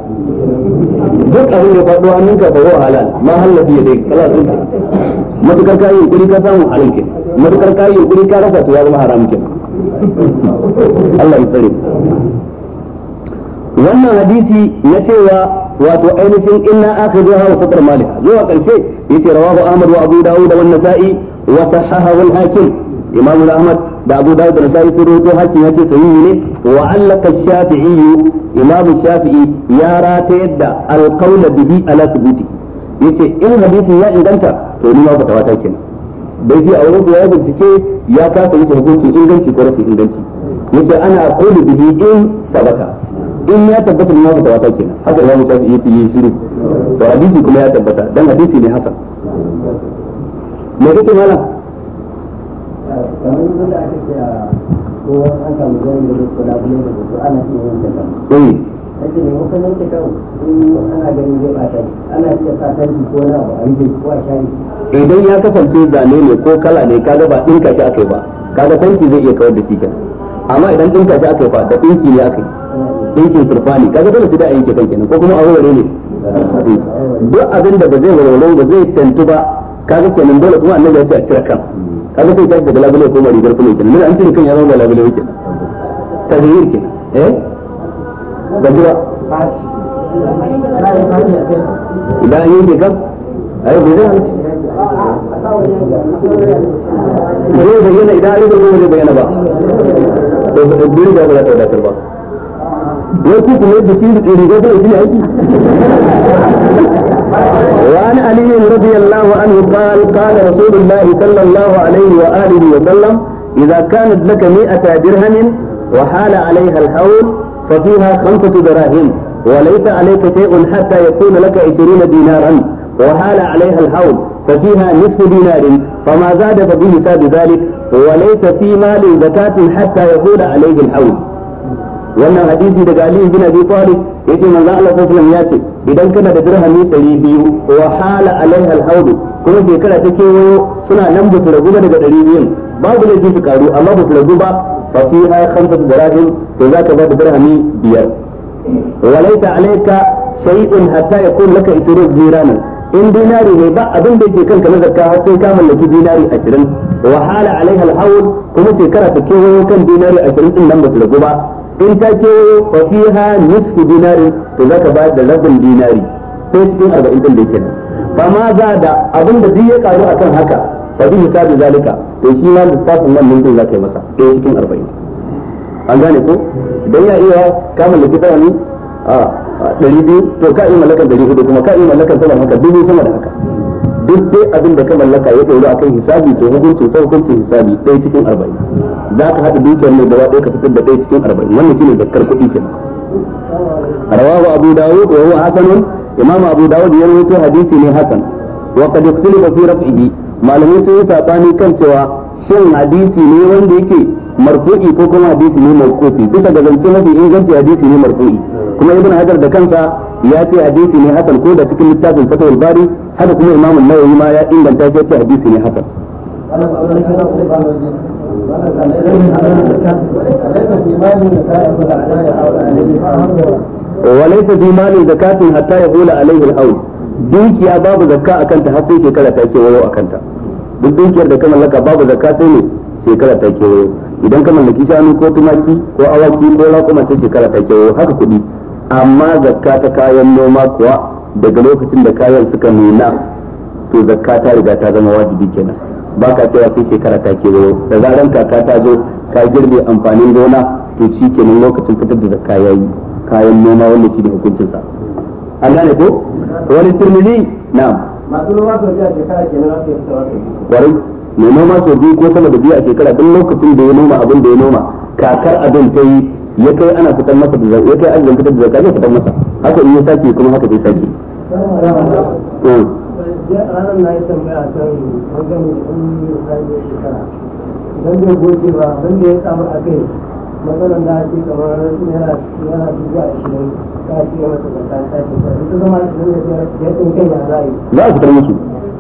duk abin da faɗo hannunka ka huwa halal ma hallafi ya daika kala sun matukar kayi yunkuri ka samu halal ke matukar kayi yunkuri ka rasa to ya zama haram ke Allah ya tsare wannan hadisi na cewa wato ainihin inna aka zo hawa sadar malik zuwa karshe ce rawahu ahmad wa abu dawud wa nasa'i wa sahahahu al-hakim imam ahmad da abu dawud da nasa'i sun rawaito hakim yace sahihi ne wa allaka shafi'i imam shafi'i ya rata yadda al-qawl bihi ala thubuti yace in hadisin ya inganta to ni ma fatawa ta kenan bai fi a wurin ya bincike ya kasa yake hukuncin inganci ko rashin inganci yace ana aqulu bihi in sabata in ya tabbata ne fita wata kenan haka ya mutu fi yin shiru to hadisi kuma ya tabbata dan hadisi ne haka me kake mala eh. idan ya kasance zane ne ko kala ne kaga ba ɗinka shi aka yi ba kaga tanki zai iya kawar da shi amma idan ɗinka shi aka yi ba da ɗinki ne aka yi dinkin kurfani kaga dole sai da yake kan kenan ko kuma a wurare ne duk abin da ba zai warware ba zai tantu ba kaga kenan dole kuma annabi ya ce a cire kan kaga sai ta daga labule ko rigar kuma kenan an ce kan ya zama labule yake yi yake eh ba jira idan an yake kan ai bai zai da bayyana idan an yanke kan bai bayyana ba to da duniya ba za ta wadatar ba وعن علي رضي الله عنه قال قال رسول الله صلى الله عليه وآله وسلم إذا كانت لك مئة درهم وحال عليها الحول ففيها خمسة دراهم وليس عليك شيء حتى يكون لك عشرين دينارا وحال عليها الحول ففيها نصف دينار فما زاد ساد ذلك وليس في مال زكاة حتى يقول عليه الحول wannan hadisi daga Ali bin Abi Talib yace manzo Allah sallallahu alaihi wasallam ya ce idan kana da dirhami 200 wa hala alaiha al-hawd kuma shekara ta kewayo suna nan ba su ragu ba daga 200 babu laifi su karu amma ba su ragu ba fa fi ha khamsat dirahim to zaka ba da dirhami biyar walaita alayka shay'un hatta yakun laka isru diranan in dinari ne ba abin da yake kanka na zakka har sai ka mallaki dinari 20 wa hala alaiha al-hawd kuma shekara ta kewayo kan dinari 20 din nan ba su ragu ba in ta ce wa fiha nisfu dinari to zaka ba da rabin dinari sai cikin arba'in din da yake nan fa ma za da abin da duk ya karu akan haka fa bi hisabi zalika to shi ma lissafin wannan din zaka yi masa ko cikin arba'in an gane ko dan ya iya kama likita ne a 200 to ka mallakar mallakan kuma ka mallakar mallakan sama haka dubu sama da haka duk dai abin da ka mallaka ya a akan hisabi to hukunci sai hukunci hisabi ɗaya cikin arba'in za ka haɗa dukiyar ne gaba ɗaya ka fitar da ɗaya cikin arba'in wannan shine zakkar kuɗi kenan rawahu abu dawud wa huwa hasan imam abu dawud ya rawaito hadisi ne hasan wa qad ikhtalafa fi raf'ihi malamai sun yi sabani kan cewa shin hadisi ne wanda yake marfu'i ko kuma hadisi ne marfu'i bisa ga zance mafi inganci hadisi ne marfu'i kuma ibn hajar da kansa ya ce hadisi ne hasan ko da cikin littafin fatawul bari haka kuma imamu nawawi ma ya inganta shi ya ce hadisi ne hasan وليس في مال زكاة حتى يقول عليه الحول dukiya babu zakka a kanta har sai shekara ta kewayo a akanta duk dukiyar da ka mallaka babu zakka sai ne shekara ta kewayo idan ka mallaki shanu ko tumaki ko awaki ko raƙuma sai shekara ta kewayo haka kuɗi amma zakka ta kayan noma kuwa daga lokacin da kayan suka nuna to zakka ta riga ta zama wajibi kenan ba ka cewa sai shekara ta ke zo da zaran kaka ta zo ka girbe amfanin gona to shi kenan lokacin fitar da zakka yayi kayan noma wanda shi ne hukuncin sa Allah ne ko wani turmini na'am masu noma sau biyu a shekara kenan za su yi fitarwa kwarai mai noma sau biyu ko sama da biyu a shekara duk lokacin da ya noma abin da ya noma kakar abin ta yi ya kai ana fitar masa da ya kai ajin fitar da zakka zai fitar masa haka in ya sake kuma haka zai sake ranar hmm. na yi tambaya a wajen shekara don goce ba don da ya samu a kai matsalar da ake kamar yana yana dubu ashirin ta ce ya mata zaka ta ce ta ita zama ashirin da biyar ya tsin kai ya za a yi za a fitar musu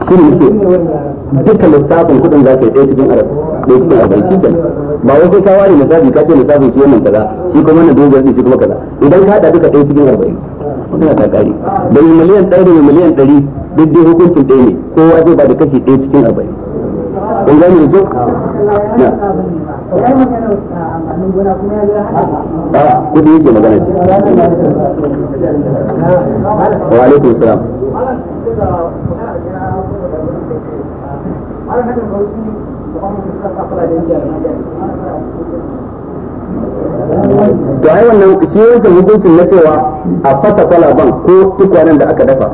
shi ne ke dukkan lissafin kudin da ka yi ɗaya cikin arab ɗaya cikin arba'in shi kenan ba wai sai ka ware lissafi ka ce lissafin shi wannan kaza shi kuma wannan dubu shi kuma kaza idan ka haɗa duka ɗaya cikin arba'in suna ta kare da mai miliyan ɗaya da mai miliyan ɗari duk dai hukuncin ɗaya ne kowa zai ba da kashi ɗaya cikin arba'in kun gane da na kudi yake magana ce shi hukuncin na cewa a fasa kwalaban ko tukwanen da aka dafa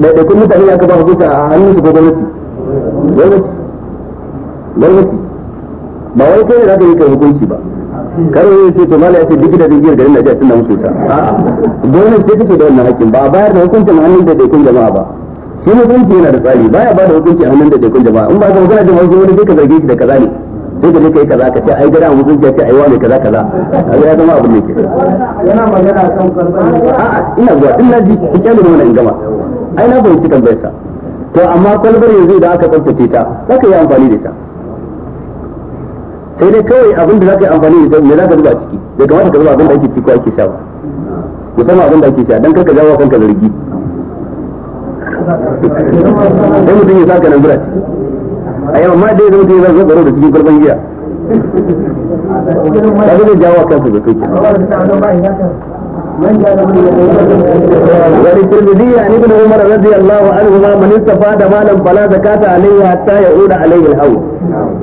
ɗaiɗaikun mutane aka ba hukunci a hannun su ko gwamnati gwamnati gwamnati ba wai kai da ka yi kai hukunci ba kare ne ce to mala ce duk da giyar garin Najeriya sun da musu ta gwamnati ce take da wannan haƙƙin ba a bayar da hukuncin hannun da kun jama'a ba shi hukunci yana da tsari baya ba da hukunci a hannun da kun jama'a in ba ka magana da wani sai ka zarge shi da kaza ne sai ka je kai kaza ka ce ai gara hukunci ya ce ai wani kaza kaza kaza ya zama abin da ke yana magana kan kalmar ina zuwa din naji ki kyale da wannan in gama ai na fahimci tambayar sa to amma kalbar yanzu da aka tsaftace ta zaka yi amfani da ita sai dai kawai abin da zaka yi amfani da me zaka zuba ciki da kamata ka zuba abin da ake ci ko ake sha ba musamman abin da ake sha dan karka jawo kanka zargi sai mutum ya saka nan bura a yau amma dai zama zai zama da cikin kwalban giya ba zai jawo kanka zato وللترمذي عن ابن عمر رضي الله عنهما من استفاد مالا فلا زكاة عليه حتى يعود عليه الحول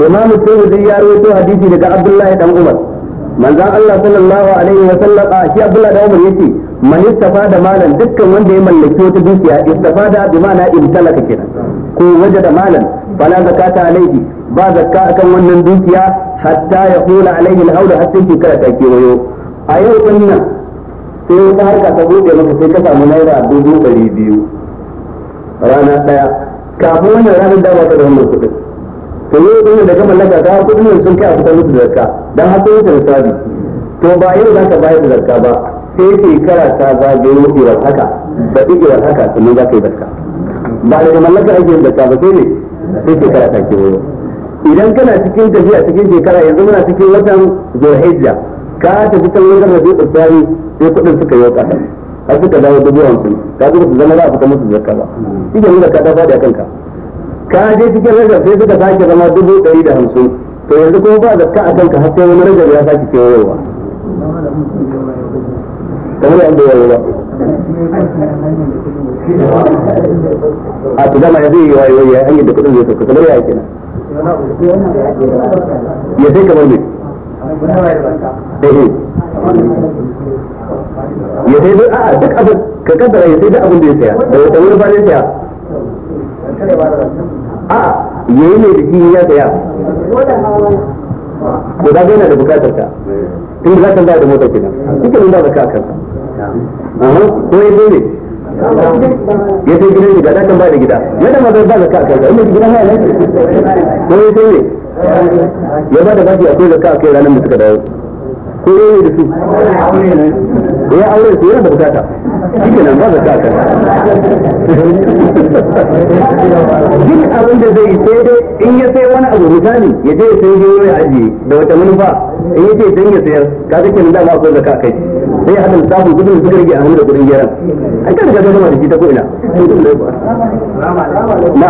إمام الترمذي يروي حديثي لك عبد الله بن عمر من ذا الله صلى الله عليه وسلم أشياء عبد الله بن عمر يتي من استفاد مالا دكا وند يملك وتدوسيا استفاد بمعنى امتلك كده كو وجد مالا فلا زكاة عليه ba zakka akan wannan dukiya hatta ya hula alaihi alhaul har sai shekara ta kewayo a yau din nan sai wata harka ta buɗe maka sai ka samu naira dubu ɗari biyu rana ɗaya kafin wannan ranar dama ka da wannan kuɗin to yau kuɗin da ka mallaka ka kuɗin sun kai a kusa musu zakka dan har sun wuce misali to ba yau za ka bayar da zakka ba sai shekara ta zagayo iwar haka da iwar haka sannan za ka yi zakka ba daga mallaka ake yin zakka ba sai ne sai shekara ta ke kewayo idan kana cikin tafiya cikin shekara yanzu muna cikin watan zulhijja ka tafi can wajen rabi'ul sani sai kuɗin suka yi ƙasa har suka dawo dubu hamsin ka zuba su zama za a fita musu zakka ba shi ke nuna ka ta faɗi a kanka ka je cikin rajar sai suka sake zama dubu ɗari da hamsin to yanzu kuma ba zakka a kanka har sai wani rajar ya sake kewayowa kamar yadda ya yi ba a to dama ya zai yi wayo ya hanyar da kuɗin zai sauka kamar ya kenan ya sai kamar me eh, eh. ya sai duk a'a duk abin ka kaddara ya sai duk abin da ya saya da wata wani ba zai saya a'a ya yi ne da shi ya saya ko da yana da bukatar ta tun za ka da motar kina shi nuna ba ka a kansa ko ya dole ya sai gidan gida da kan ba da gida yana ma zai ba da a kansa inda gidan haya ne ko ya sai ne ya ba da bashi akwai zaka a kai ranar da suka dawo ko yayi da su ya aure su yana da bukata shi ke nan ba da kaka duk abin da zai sai dai in ya sai wani abu misali ya je ya sai gero ya ajiye da wata manufa in ya ce dan ya sayar kaga kenan da ba akwai zakka kai sai hadin sabu gudun suka rage a da gudun geran ai ka riga gama da shi ta ko ina na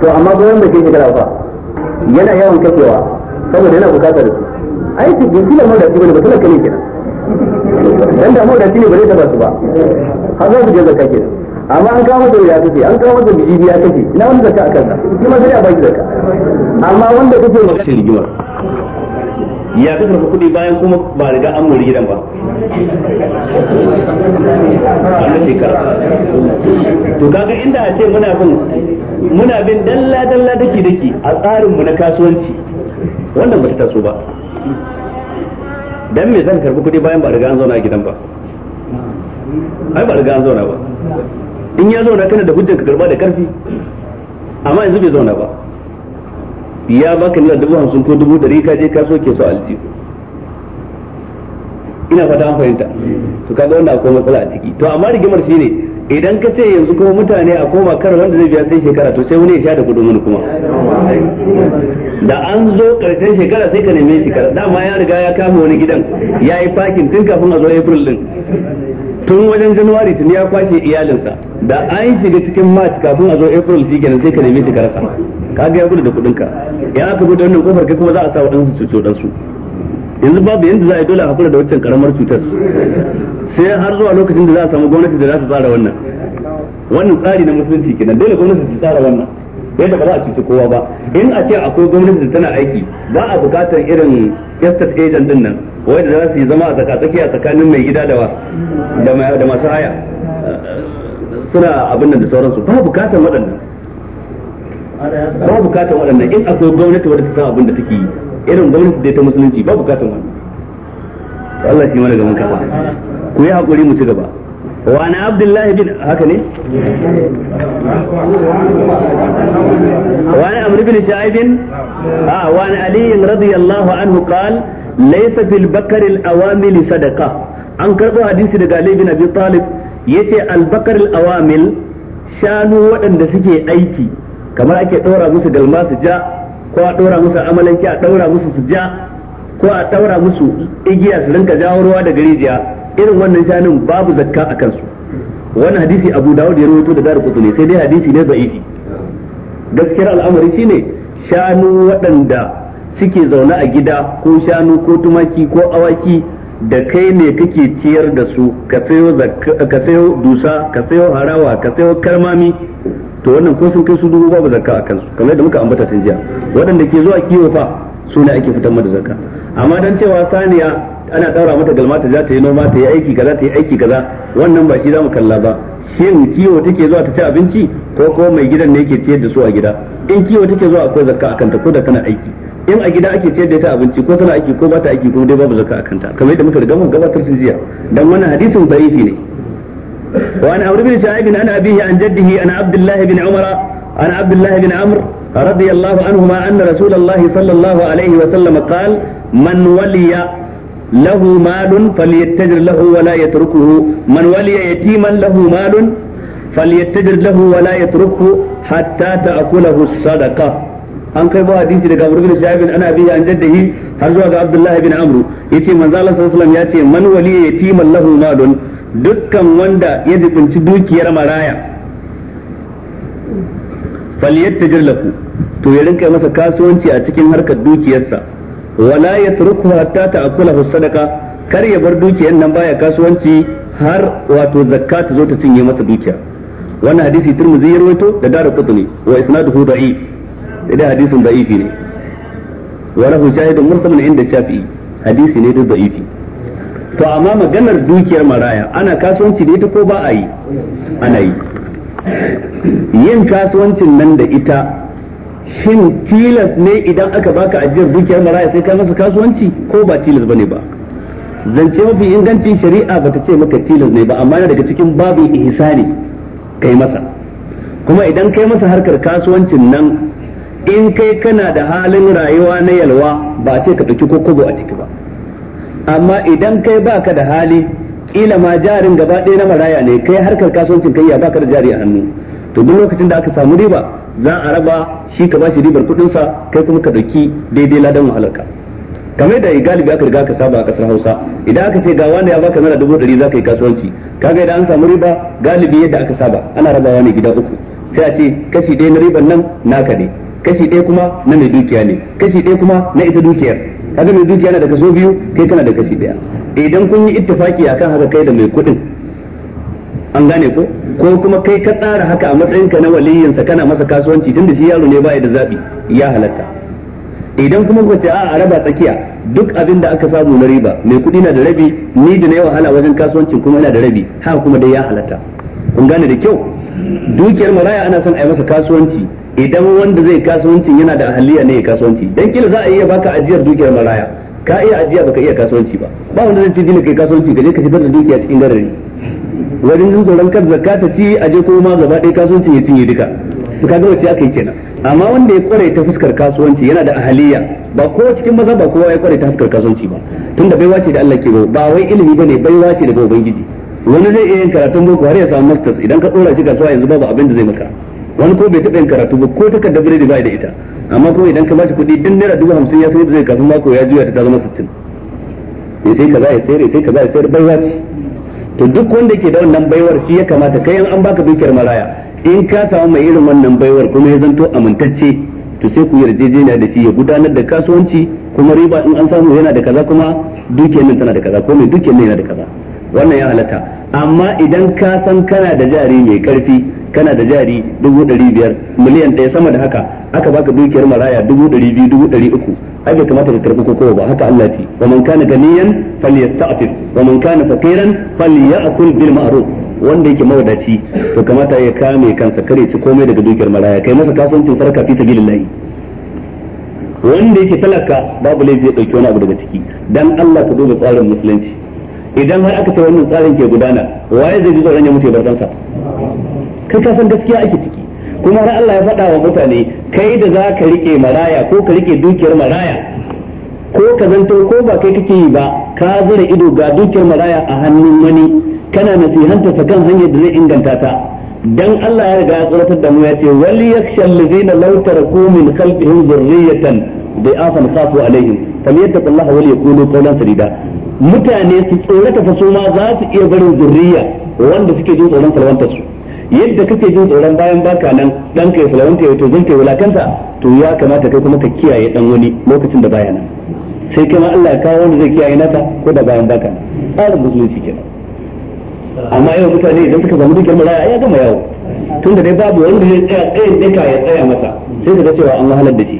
to amma goyon da ke shekara ba yana yawan kashewa saboda yana bukatar da su ai su bin da mawda su bane ba talaka ne kenan dan da mawda shi ne ba zai taba su ba har za su je zakka kenan amma an kawo da ya kace an kawo da bijibi ya kace ina wani a akan sa shi ma sai a baki zakka amma wanda kake magana rigima ya ka karɓi kuɗi bayan kuma ba riga an muri gidan ba wannan shekara to kaga inda a ce muna bin muna bin dalla dalla daki daki a tsarin mu na kasuwanci wannan ba ta taso ba dan me zan karɓi kuɗi bayan ba riga an zauna a gidan ba ai ba riga an zauna ba in ya zauna kana da hujjar ka karba da karfi amma yanzu bai zauna ba ya baka nuna dubu hamsin ko dubu dari ka je ka so ke so aljihu ina fata an fahimta to kaga wanda akwai matsala a ciki to amma rigimar shine idan ka ce yanzu kuma mutane a koma kar wanda zai biya sai shekara to sai wani ya sha da kudin wani kuma da an zo karshen shekara sai ka neme shekara dama ya riga ya kama wani gidan ya yi fakin tun kafin a zo april din tun wajen januwari tun ya kwashe iyalinsa da an shiga cikin march kafin a zo april shi kenan sai ka neme shekara ga ya gudu da kudin ka ya aka gudu wannan kofar kai kuma za a sa waɗansu cuto dan su yanzu babu yanda za a yi dole a hakura da waccan karamar cutar sai har zuwa lokacin da za a samu gwamnati da za ta tsara wannan wannan tsari na musulunci kenan dole gwamnati ta tsara wannan yadda ba za a cuci kowa ba in a ce akwai gwamnati da tana aiki ba a bukatar irin estate agent din nan wanda za su yi zama a tsakatsaki a tsakanin mai gida da da masu haya suna abin da sauransu ba bukatar waɗannan ba bukatan waɗannan in akwai gwamnati wadda ta sa abin da take yi irin gwamnati da ta musulunci ba bukatan wannan Allah shi mana gaban kafa ku yi hakuri mu ci gaba wa na abdullahi bin haka ne wa na amr bin sha'ibin. ah wa na ali radiyallahu anhu qal laysa fil bakar al awamil sadaqa an karbo hadisi daga ali bin abi talib yace al bakar al awamil shanu waɗanda suke aiki kamar ake ɗora musu galma su ja ko a ɗora musu amalanki a ɗora musu su ja ko a ɗaura musu igiya su rinka jawo ruwa daga rijiya irin wannan shanun babu zakka a kansu wannan hadisi abu dawud ya rubuto da dar ne sai dai hadisi ne da'ifi gaskiyar al'amari shine shanu waɗanda suke zaune a gida ko shanu ko tumaki ko awaki da kai ne kake ciyar da su ka sayo dusa ka sayo harawa ka sayo karmami to wannan ko sun kai su dubu babu zakka a kansu kamar yadda muka ambata tun jiya waɗanda ke zuwa kiwo fa su ne ake fitar mata zakka amma dan cewa saniya ana daura mata galma ta za ta yi noma ta yi aiki kaza ta yi aiki kaza wannan ba shi zamu kalla ba shin kiwo take zuwa ta ci abinci ko ko mai gidan ne yake ciyar da su a gida in kiwo take zuwa akwai zakka akan ta ko da tana aiki in a gida ake ciyar da ta abinci ko tana aiki ko ba ta aiki ko dai babu zakka akan ta kamar yadda muka riga mun gabatar shi jiya dan wannan hadisin da'ifi ne wa an amr bin sha'ib an abihi an jaddihi an abdullah bin umara an abdullah bin amr رضي الله عنهما أن رسول الله صلى الله عليه وسلم قال له مال فليتجر له ولا يتركه من ولي يتيما له مال فليتجر له ولا يتركه حتى تأكله الصدقة an kai ba hadisi daga Amr bin Shu'aib ana biya an jaddahi har zuwa ga Abdullah bin Amr yace manzo Allah sallallahu alaihi wasallam yace man waliya yatiman lahu madun dukkan wanda ya dubunci dukiyar maraya ta lahu to ya rinka masa kasuwanci a cikin harkar dukiyarsa wala ya yatruku hatta ta'kulahu sadaqa kar ya bar dukiyar nan baya kasuwanci har wato zakka ta zo ta cinye masa dukiya wannan hadisi turmuzi ya rawaito da ne wa isnaduhu da'if sai hadisin da'ifi ne wa lahu shahidun mursalun inda shafi'i hadisi ne da da'ifi to amma maganar dukiyar maraya ana kasuwanci ne ta ko ba a yi ana yi yin kasuwancin nan da ita shin tilas ne idan aka baka ajiyar dukiyar maraya sai ka masa kasuwanci ko ba tilas bane ba zance mafi ingancin shari'a bata ce maka tilas ne ba amma yana daga cikin babin ihsani kai masa kuma idan kai masa harkar kasuwancin nan in kai kana da halin rayuwa na yalwa ba ce ka ko kokobo a ciki ba amma idan kai baka da hali ila ma jarin gaba ɗaya na maraya ne kai harkar kasuwancin kai ya baka da jari a hannu to duk lokacin da aka samu riba za a raba shi ka bashi ribar kuɗin sa kai kuma ka dauki daidai ladan wahalarka kamar da galibi aka riga ka saba a kasar Hausa idan aka ce ga wanda ya baka naira dubu ɗari za ka yi kasuwanci kaga idan an samu riba galibi yadda aka saba ana rabawa ne gida uku sai a ce kashi ɗaya na riban nan naka ne kashi ɗaya kuma na mai dukiya ne kashi ɗaya kuma na ita dukiyar kaga mai dukiya na da kaso biyu kai kana da kashi ɗaya idan kun yi ittifaki akan haka kai da mai kuɗin an gane ko ko kuma kai ka tsara haka a matsayinka na waliyinsa kana masa kasuwanci tunda shi yaro ne baya da zabi ya halatta idan kuma ku ce a raba tsakiya duk abin da aka samu na riba mai kuɗi na da rabi ni da na wahala wajen kasuwancin kuma yana da rabi haka kuma dai ya halatta kun gane da kyau dukiyar maraya ana son a yi masa kasuwanci idan wanda zai kasuwanci yana da ahaliya ne ya kasuwanci dan kila za a iya baka ajiyar dukiyar maraya ka iya ajiya baka iya kasuwanci ba ba wanda zai ce dole kai kasuwanci gaje ka shigar da dukiya cikin garari wajen jin tsoron kar zakka ta ci aje kuma ma gaba ɗaya kasuwancin ya cinye duka to kaga wace aka yi kenan amma wanda ya kware ta fuskar kasuwanci yana da ahaliya ba ko cikin maza ba kowa ya kware ta fuskar kasuwanci ba tunda baiwa ce da Allah ke ba wai ilimi bane baiwa ce daga ubangiji wani zai iya yin karatun boko har ya samu masters idan ka dora shi kasuwa yanzu babu abin da zai maka wani ko bai taɓa yin karatu ba ko takardar biredi ba da ita amma kuma idan ka shi kuɗi din naira dubu hamsin ya san yadda zai kafin mako ya juya ta zama sittin ya sai kaza ya sayar ya sai kaza ya sayar baiwa ce to duk wanda ke da wannan baiwar shi ya kamata kai an baka dukiyar maraya in ka samu mai irin wannan baiwar kuma ya zanto amintacce to sai ku yarjejeniya da shi ya gudanar da kasuwanci kuma riba in an samu yana da kaza kuma dukiyar nan tana da kaza ko mai dukiyar nan yana da kaza wannan ya halatta amma idan ka san kana da jari mai karfi kana da jari dubu ɗari biyar miliyan ɗaya sama da haka aka baka dukiyar maraya dubu ɗari biyu dubu ɗari uku ai kamata ka karɓi kokowa ba haka Allah ce wa man kana ganiyan falyasta'fif wa man kana faqiran falyakul bil ma'ruf wanda yake mawadaci to kamata ya kame kansa kare ci komai daga dukiyar maraya kai masa kasuwancin sarka fi sabilillahi wanda yake talaka babu laifi ya dauki wani abu daga ciki dan Allah ka duba tsarin musulunci idan har aka ce wannan tsarin ke gudana waye zai ji tsoron ya mutu ya bar kansa kai ka san gaskiya ake ciki kuma har Allah ya faɗa wa mutane kai da za ka rike maraya ko ka rike dukiyar maraya ko ka zanto ko ba kai kake yi ba ka zura ido ga dukiyar maraya a hannun wani kana nasihanta ta kan hanyar da zai inganta ta dan Allah ya riga ya tsoratar da mu ya ce wal yakhshal ladina law taraku min khalfihim dhurriyatan afan khafu alaihim falyattaqullaha wal yaqulu qawlan sadida mutane su tsorata fa su ma za su iya barin zurriya wanda suke jin tsoron salwantar su yadda kake jin tsoron bayan baka nan dan kai salawanta ya to zanta wulakanta to ya kamata kai kuma ka kiyaye dan wani lokacin da baya nan sai kuma Allah ya kawo wanda zai kiyaye naka ko da bayan baka tsarin musulunci kenan amma yau mutane idan suka zama dukkan maraya ya gama yawo tun da dai babu wanda zai tsaya tsayin daka ya tsaya masa sai ka cewa an wahalar da shi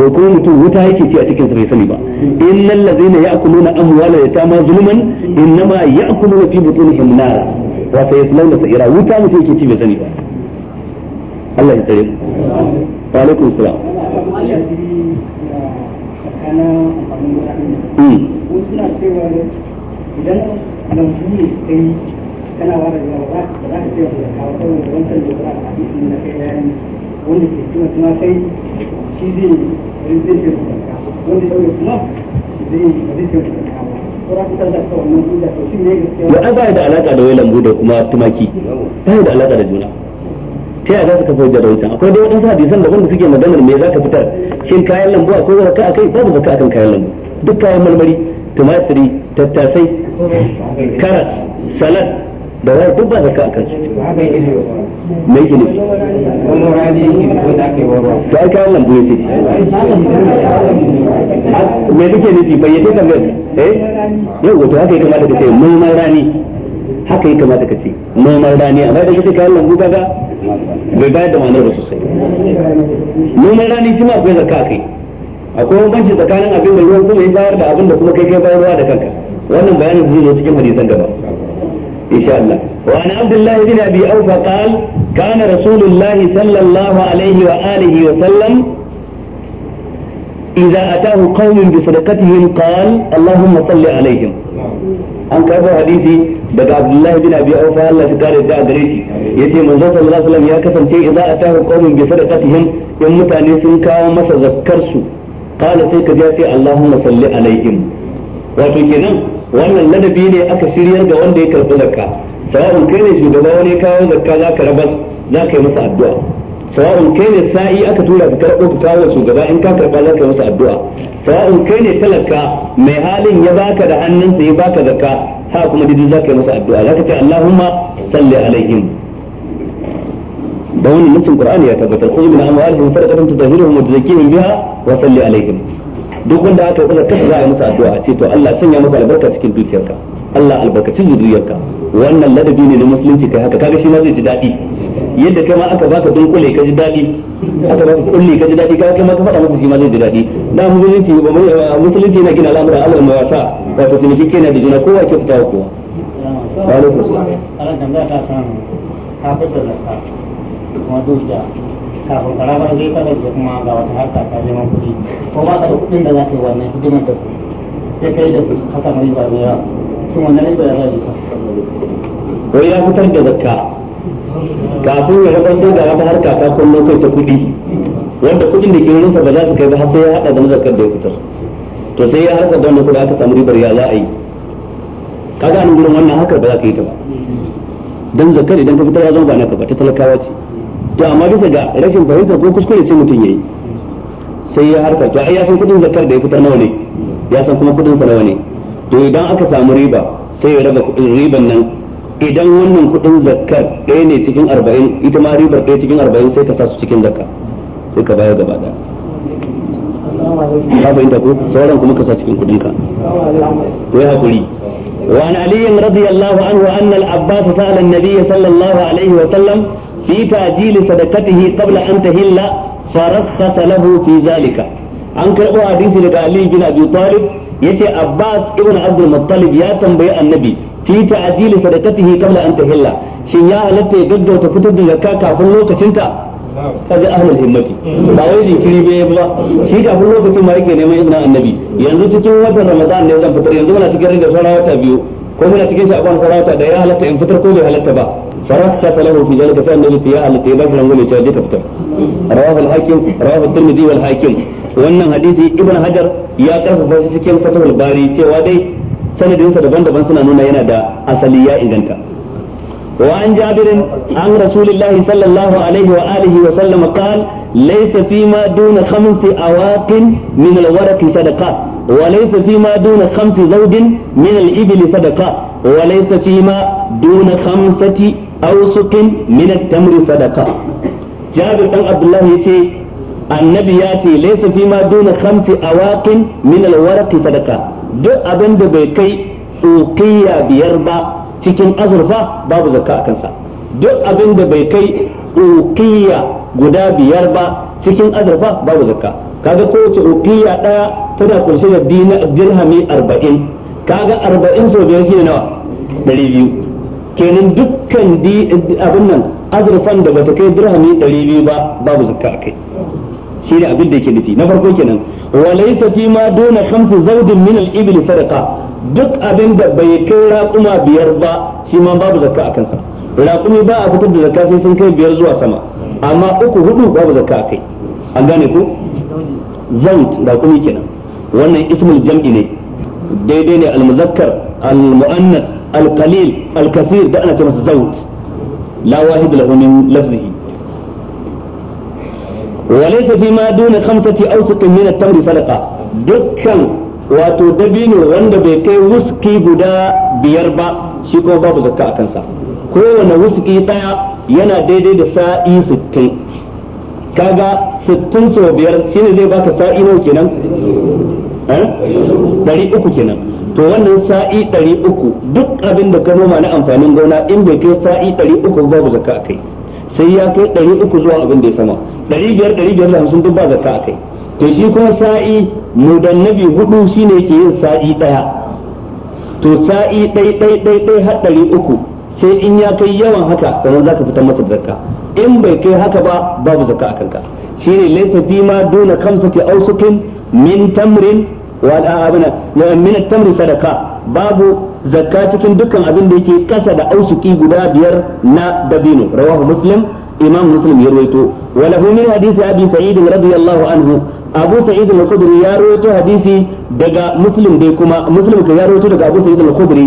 to ko mutum wuta yake ci a cikin sa bai sani ba innal ladzina ya'kuluna amwala yatama zulman innama ya'kuluna fi butunihim nara wa sai yaslawna sa'ira wuta mutum yake ci bai sani ba Allah ya tsare wa alaikum salam idan lamfuni kai kana ba da yawa ba za ka ce wa kawo saboda wancan da ba a cikin na kai yayin wanda ke kuma kuma sai shi zai zai ce wanda kuma zai zai ce ya ba da alaka da wai lambu da kuma tumaki ba da alaka da juna ta yaya za su kafa hujjar wancan akwai dai waɗansu hadisan daban da suke maganar me za ka fitar shin kayan lambu akwai zaka a kai babu zaka akan kayan lambu duk kayan marmari tumatiri tattasai karas salad da wani duk ba zaka akan su mai gini to ai kayan lambu ya ce me kake nufi bai yi duka mai eh yau wato haka yi kamata ka ce noman rani haka yi kamata ka ce noman rani amma da kake kayan lambu kaga bai bayar da ma'anar ba sosai noman rani shi ma akwai zakka kai akwai bambanci tsakanin abin da ruwan kuma ya bayar da abin da kuma kai kai bayarwa da kanka wannan bayanin zai zo cikin hadisan gaba إن شاء الله وعن عبد الله بن أبي أوفى قال كان رسول الله صلى الله عليه وآله وسلم إذا أتاه قوم بصدقتهم قال اللهم صل عليهم an karɓo hadisi daga abdullahi bin abi aufa Allah shi kare da gare yace manzo sallallahu alaihi wasallam ya kasance idza atahu qaumun bi sadaqatihim in mutane sun kawo masa zakkar su qala sai ka sai Allahumma salli alaihim wato kenan wannan ladabi ne aka shiryar ga wanda ya karɓi zakka sawa'un kai ne shugaba wani kawo zakka za ka rabas za ka yi masa addu'a sawa'un kai ne sa'i aka tura ka karɓo ka kawo shugaba in ka karɓa za ka yi masa addu'a sawa'un kai ne talaka mai halin ya baka da hannunsa ya baka zakka ha kuma didi za ka yi masa addu'a za ka ce Allahumma salli alaihim da wani nufin Qur'ani ya tabbatar qul inna amwalihim sadaqatan tutahhiruhum wa tuzakkihim biha wa salli alaihim duk wanda aka buga ta za a yi masa addu'a a ce to Allah sanya maka albarka cikin dukiyarka Allah albarkacin zuriyarka wannan ladabi ne na musulunci kai haka kaga shi ma zai ji daɗi yadda kai ma aka baka dunkule ka ji daɗi aka baka kulle ka ji daɗi kai ma ka faɗa masa shi ma zai ji daɗi da musulunci ba eh, musulunci yana gina al'amuran Allah mai wasa wato tuniki kai na da juna kowa ke fitawa kowa wa alaikum salam Allah tambaya ta samu fitar da ka kuma da kafin karamar zai da kuma ga wata harka ta neman kuɗi ko ba ka da kuɗin da za ka yi wannan hidimar da su sai kai da kuɗi ka mai ba zai yawa shin wannan riba ya zai ko ya fitar da zakka kafin ya sai da wata harka ta kullum kai ta kuɗi wanda kuɗin da ke wurinsa ba za su kai ba har sai ya haɗa da zakkar da ya fitar to sai ya harka da wanda kuɗi aka samu ribar ya za a yi kaga an gurin wannan haka ba za ka yi ta ba dan zakar idan ka fitar ya zama ba ka ba ta talakawa ce to amma bisa ga rashin fahimta ko kuskure sai mutum yayi sai ya harka to ai ya san kudin zakar da ya fitar nawa ne ya san kuma kudin sa nawa ne to idan aka samu riba sai ya raba kudin riban nan idan wannan kudin zakar ɗaya ne cikin 40 ita ma ribar ɗaya cikin 40 sai ka sa su cikin zakka sai ka bayar gaba da ka fahimta ko sauran kuma ka sa cikin kudin ka to ya hakuri وعن علي رضي الله عنه أن العباس سأل النبي صلى الله عليه وسلم في تعجيل صدقته قبل أن تهل فرخص له في ذلك an karɓo hadisi daga Ali bin Abi Talib yace Abbas ibn Abdul Muttalib ya tambayi Annabi fi ta'jil sadaqatihi qabla an tahilla shin ya halatta ya gaggauta fitar da zakka kafin lokacinta kaji ahlul himmati ba wai jikiri bai ba shi kafin lokacin ma yake neman izinin Annabi yanzu cikin watan Ramadan ne zan fitar yanzu muna cikin rinda a wata biyu ko muna cikin sha'ban sauran wata da ya halatta in fitar ko bai halatta ba فرخص له في ذلك فان الاتياء التي ذكر من يتوجه تفتر رواه الحاكم رواه الترمذي والحاكم wannan hadisi ibn hajar ya karfafa shi cikin fatahul cewa dai sanadinsa daban-daban suna nuna yana da asali ya inganta wa an jabirin an rasulillahi sallallahu alaihi wa alihi wa ليس فيما دون خمس أواق من الورق صدقة وليس فيما دون خمس زوج من الإبل صدقة وليس فيما دون خمسة aw suqin min at-tamr jabir dan abdullah yace annabi ya ce laysa fi ma duna khamsi awaqin min al-waraq sadaqa duk abin da bai kai uqiya biyar ba cikin azurfa babu zakka a kansa duk abin da bai kai uqiya guda biyar ba cikin azurfa babu zakka kaga kowace uqiya daya tana kunshe da dirhami 40 kaga 40 sau biyar shine nawa 200 kenan dukkan abin nan azurfan da bata kai dirhami 200 ba babu zakka shi ne abin da yake nufi na farko kenan walaysa fi ma duna khamsu zawdin min al-ibli sadaqa duk abin da bai kai raƙuma biyar ba shi ma babu zakka akan sa raƙumi ba a fitar da zakka sai sun kai biyar zuwa sama amma uku hudu babu zakka akai an gane ku zawd raƙumi kenan wannan ismul jam'i ne daidai ne al-muzakkar al-mu'annas alqalil alkathir da ana ce masa zawj la wahid lahu min lafzihi وليس فيما دون خمسة أوسق من التمر صدقة دكا wato dabino wanda bai kai wuski guda biyar ba shi kuma babu zakka a kansa kowane wuski daya yana daidai da sa'i sittin kaga sittin sau biyar shine zai baka sa'i nawa kenan ɗari uku kenan to wannan sa'i 300 duk abin da ka noma na amfanin gona in bai kai sa'i 300 babu zakka kai sai ya kai 300 zuwa abin da ya sama 500 550 duk ba zakka kai to shi kuma sa'i mudannabi hudu shine yake yin sa'i daya to sa'i dai dai dai dai har 300 sai in ya kai yawan haka sannan zaka fitar masa zakka in bai kai haka ba babu zakka akan ka shine laysa fi ma duna kamsati ausukin min tamrin wa abin abuna ya min at-tamri sadaqa babu zakka cikin dukkan abin da yake kasa da ausuki guda biyar na dabino rawahu muslim imam muslim ya rawaito wa lahu min hadisi abi sa'id radiyallahu anhu abu sa'id al-khudri ya rawaito hadisi daga muslim dai kuma muslim ka ya rawaito daga abu sa'id al-khudri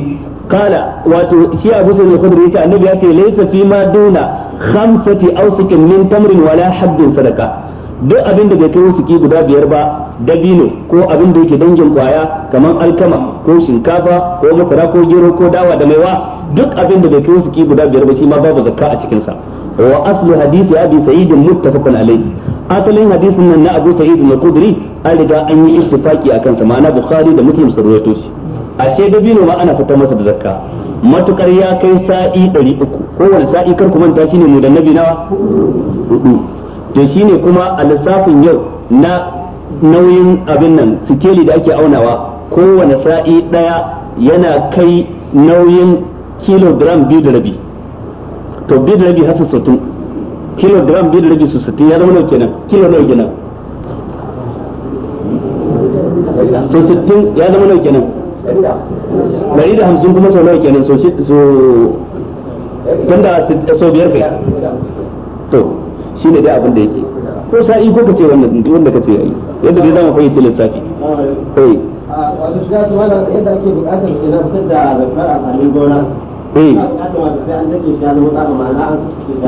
kala wato shi abu sa'id al-khudri yace annabi yace laysa fi ma duna khamsati awsikin min tamrin wala haddin sadaqa duk abin da bai kai wusuki guda biyar ba dabino ko abin da yake dangin kwaya kamar alkama ko shinkafa ko masara ko gero ko dawa da maiwa duk abin da bai kai wusuki guda biyar ba shi ma babu zakka a cikin sa wa aslu hadisi abi sa'id muttafaqun alayhi asalin hadisin nan na abu sa'id al qudri an riga an yi ittifaqi akan sa ma'ana bukhari da muslim sun rawaito shi ashe dabino ma ana fitar masa da zakka matukar ya kai sa'i 300 kowane sa'i kar ku manta shine mu da nabi nawa hudu to shine kuma a lissafin yau na nauyin abin nan sikeli da ake aunawa kowane sa'i daya yana kai nauyin kilogram biyu da rabi to biyu da rabi hasu sutun kilogram biyu da rabi su sutun ya zama nau kenan kilo nau kenan so sutun ya zama nau kenan dari da hamsin kuma sau nau kenan so so tunda so biyar kai to ne dai abin da yake ko sa'i ko kace wannan duk wanda kace yayi yadda dai zamu fahimci lissafi eh wato da su wala yadda ake bukatar idan fitar da zakar amfanin gona eh.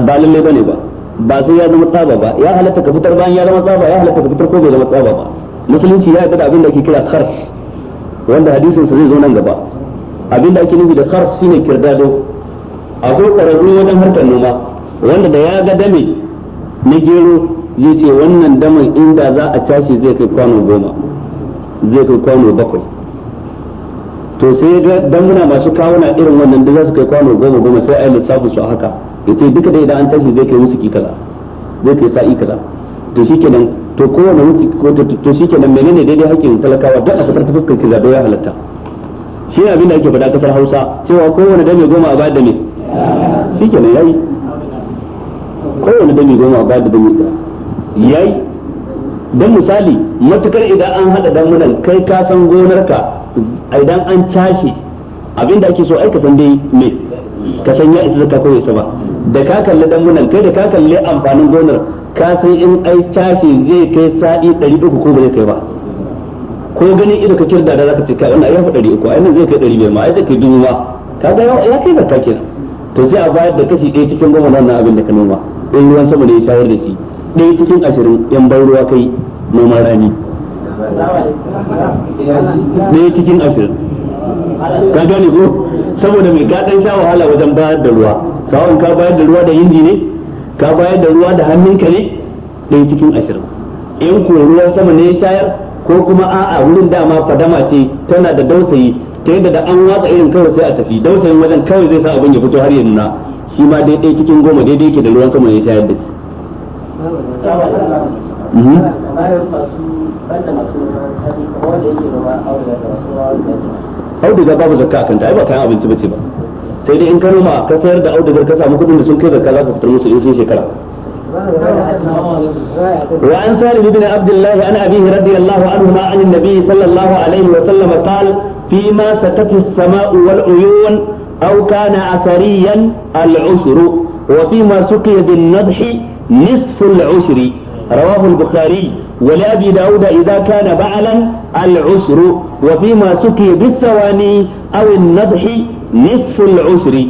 ba lalle bane ba ba sai ya zama tsaba ba ya halatta ka fitar bayan ya zama tsaba ya halatta ka fitar ko bai zama tsaba ba musulunci ya yarda da abin da ake kira kharf wanda hadisin sa zai zo nan gaba abin da ake nufi da kharf shine kirdado akwai kwararru wajen harkar noma wanda da ya ga dame na gero ya ce wannan daman inda za a cashe zai kai kwano goma zai kai kwano bakwai to sai ga damuna masu kawuna irin wannan da za su kai kwano goma goma sai a yi lissafin su haka ya ce duka da idan an tashi zai kai musu ki kaza zai kai sa'i kaza to shi nan to kowane wuce ko to shi shikenan menene daidai hakkin talakawa don a kasar ta fuskar ki ya halatta shi ne abin da ake faɗa kasar Hausa cewa kowane dame goma a ba da nan ya yayi kowane dami goma ba da dami ɗaya yayi don misali matukar idan an hada damunan kai ka san gonarka idan an cashe abinda ake so ai ka san dai me ka san ya isa zaka kawai ba da ka kalli damunan kai da ka kalli amfanin gonar ka san in ai cashe zai kai sa'i 300 ko ba zai kai ba ko ganin ido ka kirda da zaka ce ka wannan ai fa 300 ai nan zai kai 500 ma ai zai kai dubu ma kaga ya kai zakka kenan to sai a bayar da kashi ɗaya cikin goma na abin da ka noma in ruwan sama da ya shayar da shi ɗaya cikin ashirin yan ban ruwa kai noman rani ɗaya cikin ashirin ka gane ko saboda mai ka sha wahala wajen bayar da ruwa sawon ka bayar da ruwa da inji ne ka bayar da ruwa da hannunka ne ɗaya cikin ashirin in ko ruwan sama ne ya shayar ko kuma a'a wurin dama fadama ce tana da dausayi ta yadda da an watsa irin kawai sai a tafi dausayin wajen kawai zai sa abin ya fito har ya nuna shi ma daidai cikin goma daidai yake da ruwan sama ya shayar da shi mhm. auduga babu zakka a kanta ai ba kayan abinci bace ba sai dai in ka noma ka sayar da audugar ka samu kudin da sun kai zakka za ka fitar musu in sun shekara وعن سالم بن عبد الله عن أبيه رضي الله عنهما عن النبي صلى الله عليه وسلم قال فيما ستت السماء والعيون أو كان أثريا العسر وفيما سقي بالنضح نصف العسر رواه البخاري ولأبي داود إذا كان بعلا العسر وفيما سقي بالثواني أو النضح نصف العسر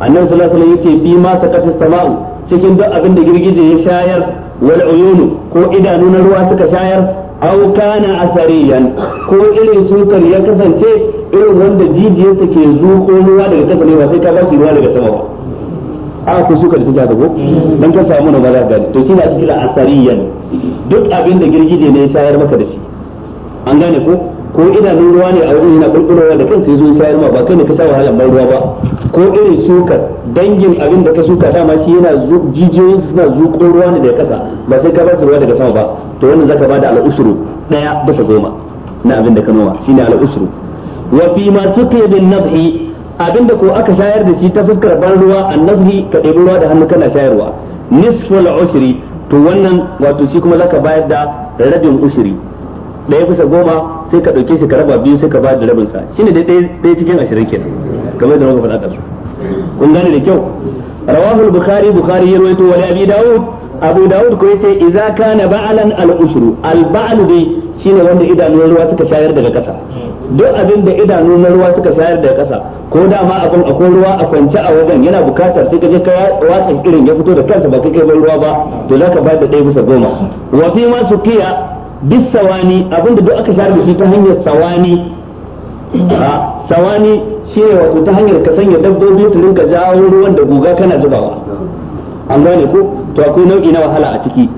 annabi sallallahu alaihi wasallam bi ma sakata sama'u cikin duk abin da girgije ya shayar wal uyunu ko idanu na ruwa suka shayar aw kana asariyan ko irin sukar ya kasance irin wanda jijiyarsa ke zuko ruwa daga kasa ne ba sai ka ba ruwa daga sama ba a ko sukar ta ta ko dan ka samu na ba za gani to shi na cikin asariyan duk abin da girgije ne ya shayar maka da shi an gane ko ko nan ruwa ne a wajen yana kulkulowa da kansa yazo ya shayar ma ba kai ne ka sa wahala ban ruwa ba ko irin sukar dangin abin da ka suka dama shi yana jijiyoyin suna zuƙo ruwa ne daga kasa ba sai ka ba su ruwa daga sama ba to wannan zaka bada usru daya bisa goma na abin da ka noma shine al'usru wa fi ma suqiya bin nabhi abinda ko aka shayar da shi ta fuskar ban ruwa annabi ka ɗebi ruwa da hannu kana shayarwa al usri to wannan wato shi kuma zaka bayar da rabin usri daya bisa goma sai ka dauke shi ka raba biyu sai ka bayar da rabin sa shine dai dai cikin ashirin kenan kamar da muka faɗa da su kun gane da kyau rawahu al-bukhari bukhari ya rawaito wa abi dawud abu dawud ko yace idza kana ba'lan al usru al ba'lu dai shine wanda na ruwa suka shayar daga kasa duk abin da na ruwa suka shayar daga kasa ko da ma abin akwai ruwa a kwance a wajen yana bukatar sai kaje ka watsa irin ya fito da kansa ba kai kai ruwa ba to zaka ka da ɗaya bisa goma wa fi ma sukiya bis sawani abin da duk aka shayar da shi ta hanyar sawani sawani shine wato ta hanyar ka sanya dabbobi su rinka jawo ruwan da guga kana zubawa an gane ko to akwai nau'i na wahala a ciki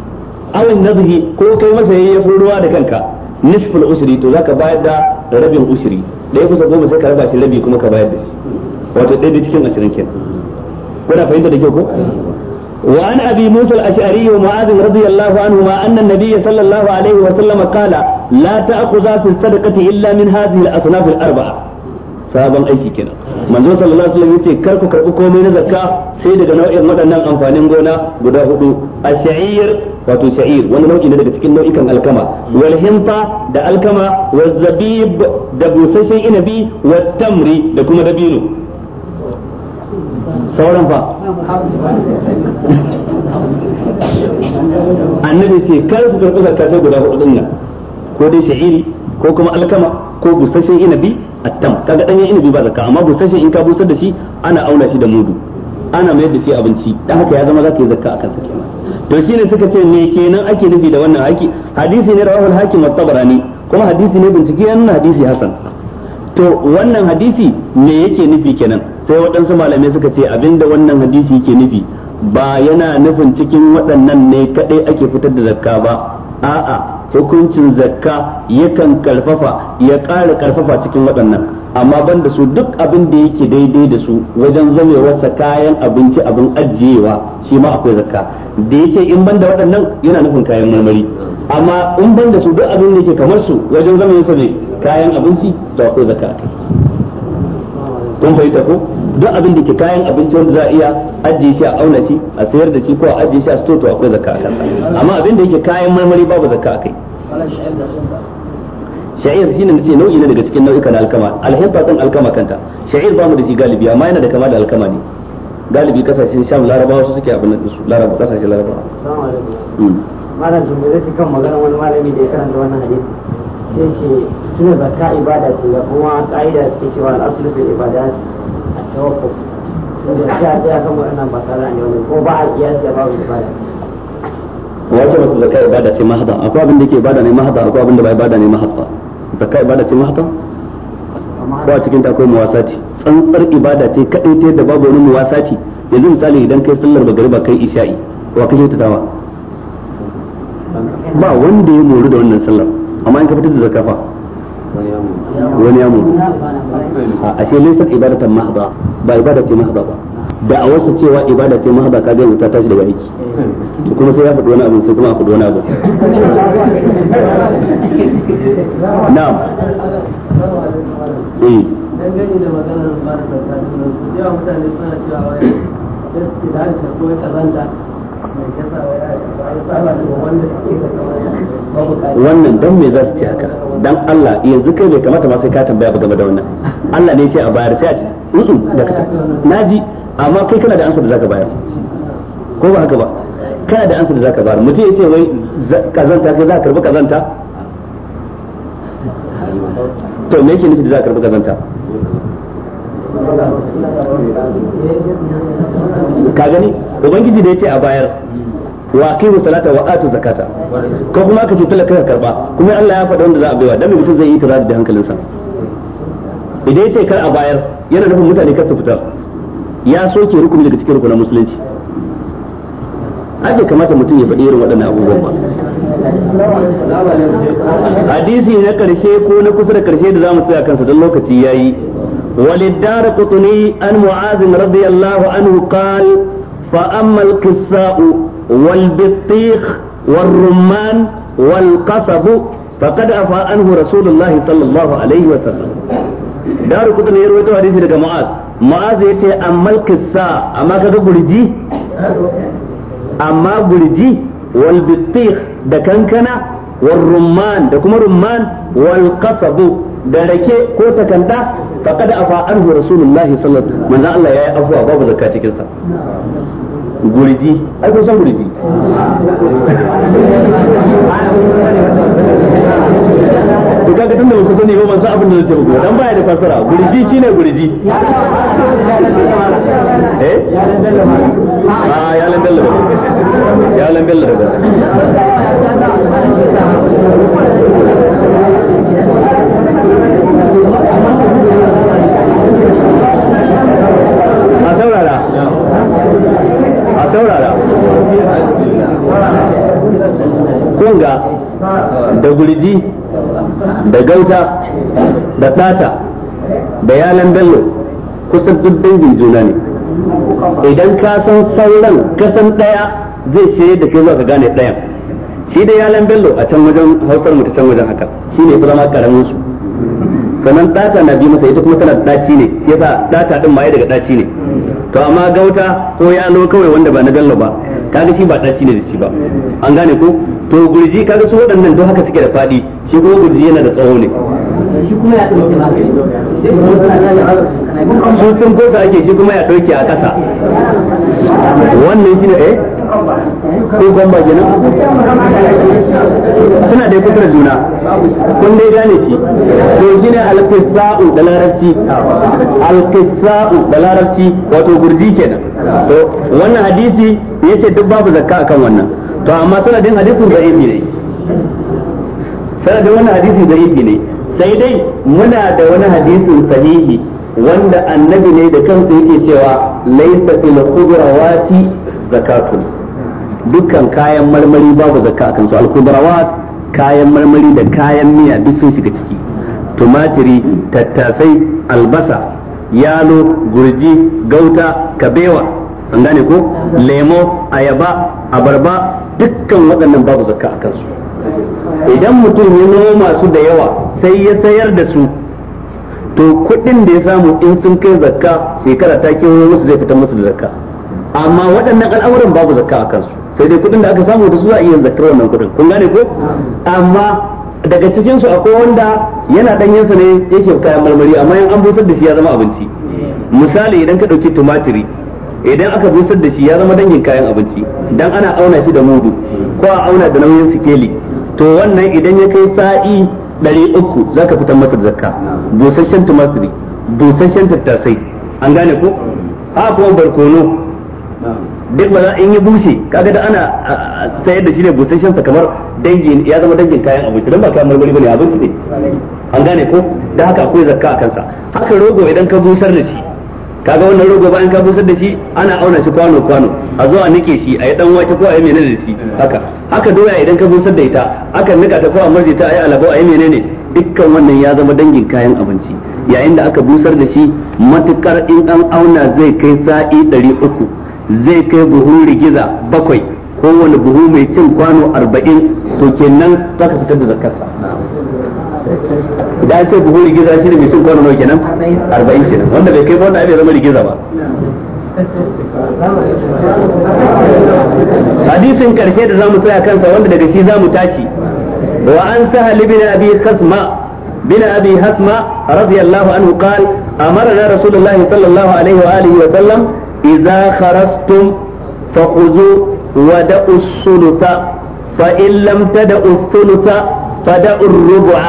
awin nazihi. ko kai masa yafi ruwa da kanka nisful usri to zaka bayar da rabin usri ɗaya kusa goma sai ka raba shi rabi kuma ka bayar da shi wato ɗaya da cikin ashirin kenan kuna fahimta da kyau ko وعن ابي موسى الاشعري ومعاذ رضي الله عنهما ان النبي صلى الله عليه وسلم قال لا تاخذا في الصدقه الا من هذه الاصناف الاربعه sabon aiki kenan manzo sallallahu alaihi wasallam yace kar ku karbi komai na zakka sai daga nau'in waɗannan amfanin gona guda hudu ash-sha'ir wato sha'ir wani nau'i ne daga cikin nau'ikan alkama wal himta da alkama wal zabib da busasshen inabi wat tamri da kuma dabino sauran fa annabi ce kar ku karbi zakka sai guda hudu din nan ko dai sha'iri ko kuma alkama ko busasshen inabi attam kaga danyen inabi ba zakka amma busasshen in ka busar da shi ana auna shi da mudu ana mayar da shi abinci dan haka ya zama zaka yi zakka akan sa kenan to shine suka ce me kenan ake nufi da wannan haki hadisi ne rawahul hakim at-tabarani kuma hadisi ne bincike ya hadisi hasan to wannan hadisi me yake nufi kenan sai waɗansu malamai suka ce abinda wannan hadisi yake nufi ba yana nufin cikin waɗannan ne kaɗai ake fitar da zakka ba a'a hukuncin zakka yakan karfafa ya ƙara karfafa cikin waɗannan amma ban da su duk abin da yake daidai da su wajen zame wasa kayan abinci abin ajiyewa shi ma akwai zakka da yake in ban da waɗannan yana nufin kayan marmari amma in ban da su duk abin da yake kamar su wajen zame yasa ne kayan abinci to akwai zakka kun fahimta ko duk abin da ke kayan abinci wanda za a iya ajiye shi a auna shi a sayar da shi ko a ajiye shi a store to akwai zakka a kansa amma abin da yake kayan marmari babu zakka a kai sha'ir shine nace nau'i ne daga cikin nau'ika na alkama alhibba kan alkama kanta sha'ir ba mu da shi galibi amma yana da kama da alkama ne galibi kasashen sham larabawa su suke abin da su larabawa kasashen larabawa hmm. malam jumbe zai kan magana wani malami da ya karanta wannan hadisi sai ke tuna zakka ibada ce da kuma ka'ida ce cewa al-aslu fil ibadat tawakkuf da shi a ne ko ba a kiyasi da babu ibada ya ce masu zakka ibada ce mahada akwai abin da yake ibada ne mahada akwai abin da ba ibada ne mahada zakka ibada ce mahada ba cikin ta akwai muwasati tsantsar ibada ce kadai ta yadda babu wani muwasati yanzu misali idan kai sallar magariba kai isha'i wa kake tutawa ba wanda ya mori da wannan sallar amma in ka fitar da zakafa wani yamu mutu a shi laysat ibadatan mahda ba ibada ce mahda ba da a wasu cewa ibada ce mahda ka ga ta tashi daga aiki to kuma sai ya faɗi wani abu sai kuma a faɗi wani abu na'am eh dangane da maganar su mutane suna cewa wannan don me za su ce haka don Allah yanzu kai bai kamata ma sai ka tambaya ba game da wannan Allah ne ya ce a bayar sai a ce mm da na ji amma kai kana da ansa da za ka bayar ko ba haka ba kana da ansa da za ka bayar mutum ya ce wai kazanta kai za ka karbi kazanta to me yake nufi da za ka karbi kazanta ka gani ubangiji da yake a bayar wa aqimu salata wa atu zakata ko kuma ka ce talaka ka karba kuma Allah ya faɗa wanda za a baiwa dan mutum zai yi tirada da hankalinsa idan yace kar a bayar yana nufin mutane kar su fitar ya soke rukuni daga cikin rukunin musulunci ake kamata mutum ya faɗi irin waɗannan abubuwan ba hadisi na karshe ko na kusa da karshe da zamu tsaya kansa don lokaci yayi وللدار قطني an معاذ radiyallahu anhu qala فأما القساء والبطيخ والرمان والقصب فقد أفاء عنه رسول الله صلى الله عليه وسلم دار كتن يروي حديث daga Mu'az Mu'az yace amma al amma kaga gurji amma da kankana wal rumman da kuma rumman wal qasab da rake ko takanta faqad afa anhu rasulullahi sallallahu alaihi wasallam manzo Allah yayi afwa babu zakka cikin guriji ai kun san guriji to kaga tunda ba ku sani ba ban san abin da zai ce ba dan baya da fasara guriji shine guriji eh ah ya lan dalla ya lan dalla Thank you. a a kunga da gurji da gauta da tata da yalan bello kusan duk dangin juna ne idan ka san sauran kasan daya zai shirye da kai zuwa ka gane dayan shi da yalan bello a can wajen hausar mu ta can wajen haka shi ne zama karamin su sannan data na biyu masa ita kuma tana daci ne shi yasa ɗata din ma daga daci ne to amma gauta ko ya alo kawai wanda ba na gallo ba kaga shi ba daci ne da shi ba an gane ko to gurji kaga su waɗannan don haka suke da fadi shi kuma gurji yana da tsawo ne shi kuma ya dauke ba sun sun kosa ake shi kuma ya dauke a kasa wannan ne eh ko gamba kenan suna da kusurar juna kun dai gane shi to shine alqisa'u da larabci alkisa'u da larabci wato gurji kenan to wannan hadisi ya ce duk babu zakka akan wannan to amma sanadin hadisin da ibi ne sanadin wannan hadisin da ibi ne sai dai muna da wani hadisin sahihi wanda annabi ne da kansa yake cewa laysa fil khudrawati zakatun dukkan kayan marmari babu zakka akan su alkhudrawat kayan marmari da kayan miya duk sun shiga ciki tumatiri tattasai albasa yalo gurji gauta kabewa an gane ko lemo ayaba abarba dukkan waɗannan babu zakka a kansu idan mutum ya noma su da yawa sai ya sayar da su to kuɗin da ya samu in sun kai zakka shekara ta kewayo musu zai fita musu da zakka amma waɗannan al'amuran babu zakka a kansu sai dai kudin da aka samu da su za a iya zakar wannan kudin kun gane ko amma daga cikin su akwai wanda yana danyen ne yake kayan marmari amma in an busar da shi ya zama abinci misali idan ka dauki tumatiri idan aka busar da shi ya zama dangin kayan abinci dan ana auna shi da mudu ko a auna da nauyin sikeli to wannan idan ya kai sa'i 300 zaka fitar masa zakka busasshen tumatiri busasshen tattasai an gane ko Ha kuma barkono duk ba za in yi bushe kaga da ana sayar da shi ne busasshen sa kamar dangin ya zama dangin kayan abinci dan ba kayan marmari bane abinci ne an gane ko da haka akwai zakka a kansa haka rogo idan ka busar da shi kaga wannan rogo bayan ka busar da shi ana auna shi kwano kwano a zo a nike shi a yi dan wake ko a yi menene da shi haka haka doya idan ka busar da ita aka nika ta ko a marje ta a yi alabo a yi menene dukkan wannan ya zama dangin kayan abinci yayin da aka busar da shi matukar in an auna zai kai sa'i 300 zai kai buhun rigiza bakwai kowane buhu mai cin kwano arba'in to kenan za ka fitar da zakarsa idan an ce buhu rigiza shi ne mai cin kwano nawa kenan arba'in kenan wanda bai kai ba wanda bai zama rigiza ba hadisin karshe da zamu tsaya kansa wanda daga shi zamu tashi wa an sahali bin abi khasma bin أبي هسمة رضي anhu عنه amara أمرنا رسول الله صلى الله عليه وآله إذا خرجتم فخذوا ودعوا الثلث فإن لم تدعوا الثلث فدعوا الربع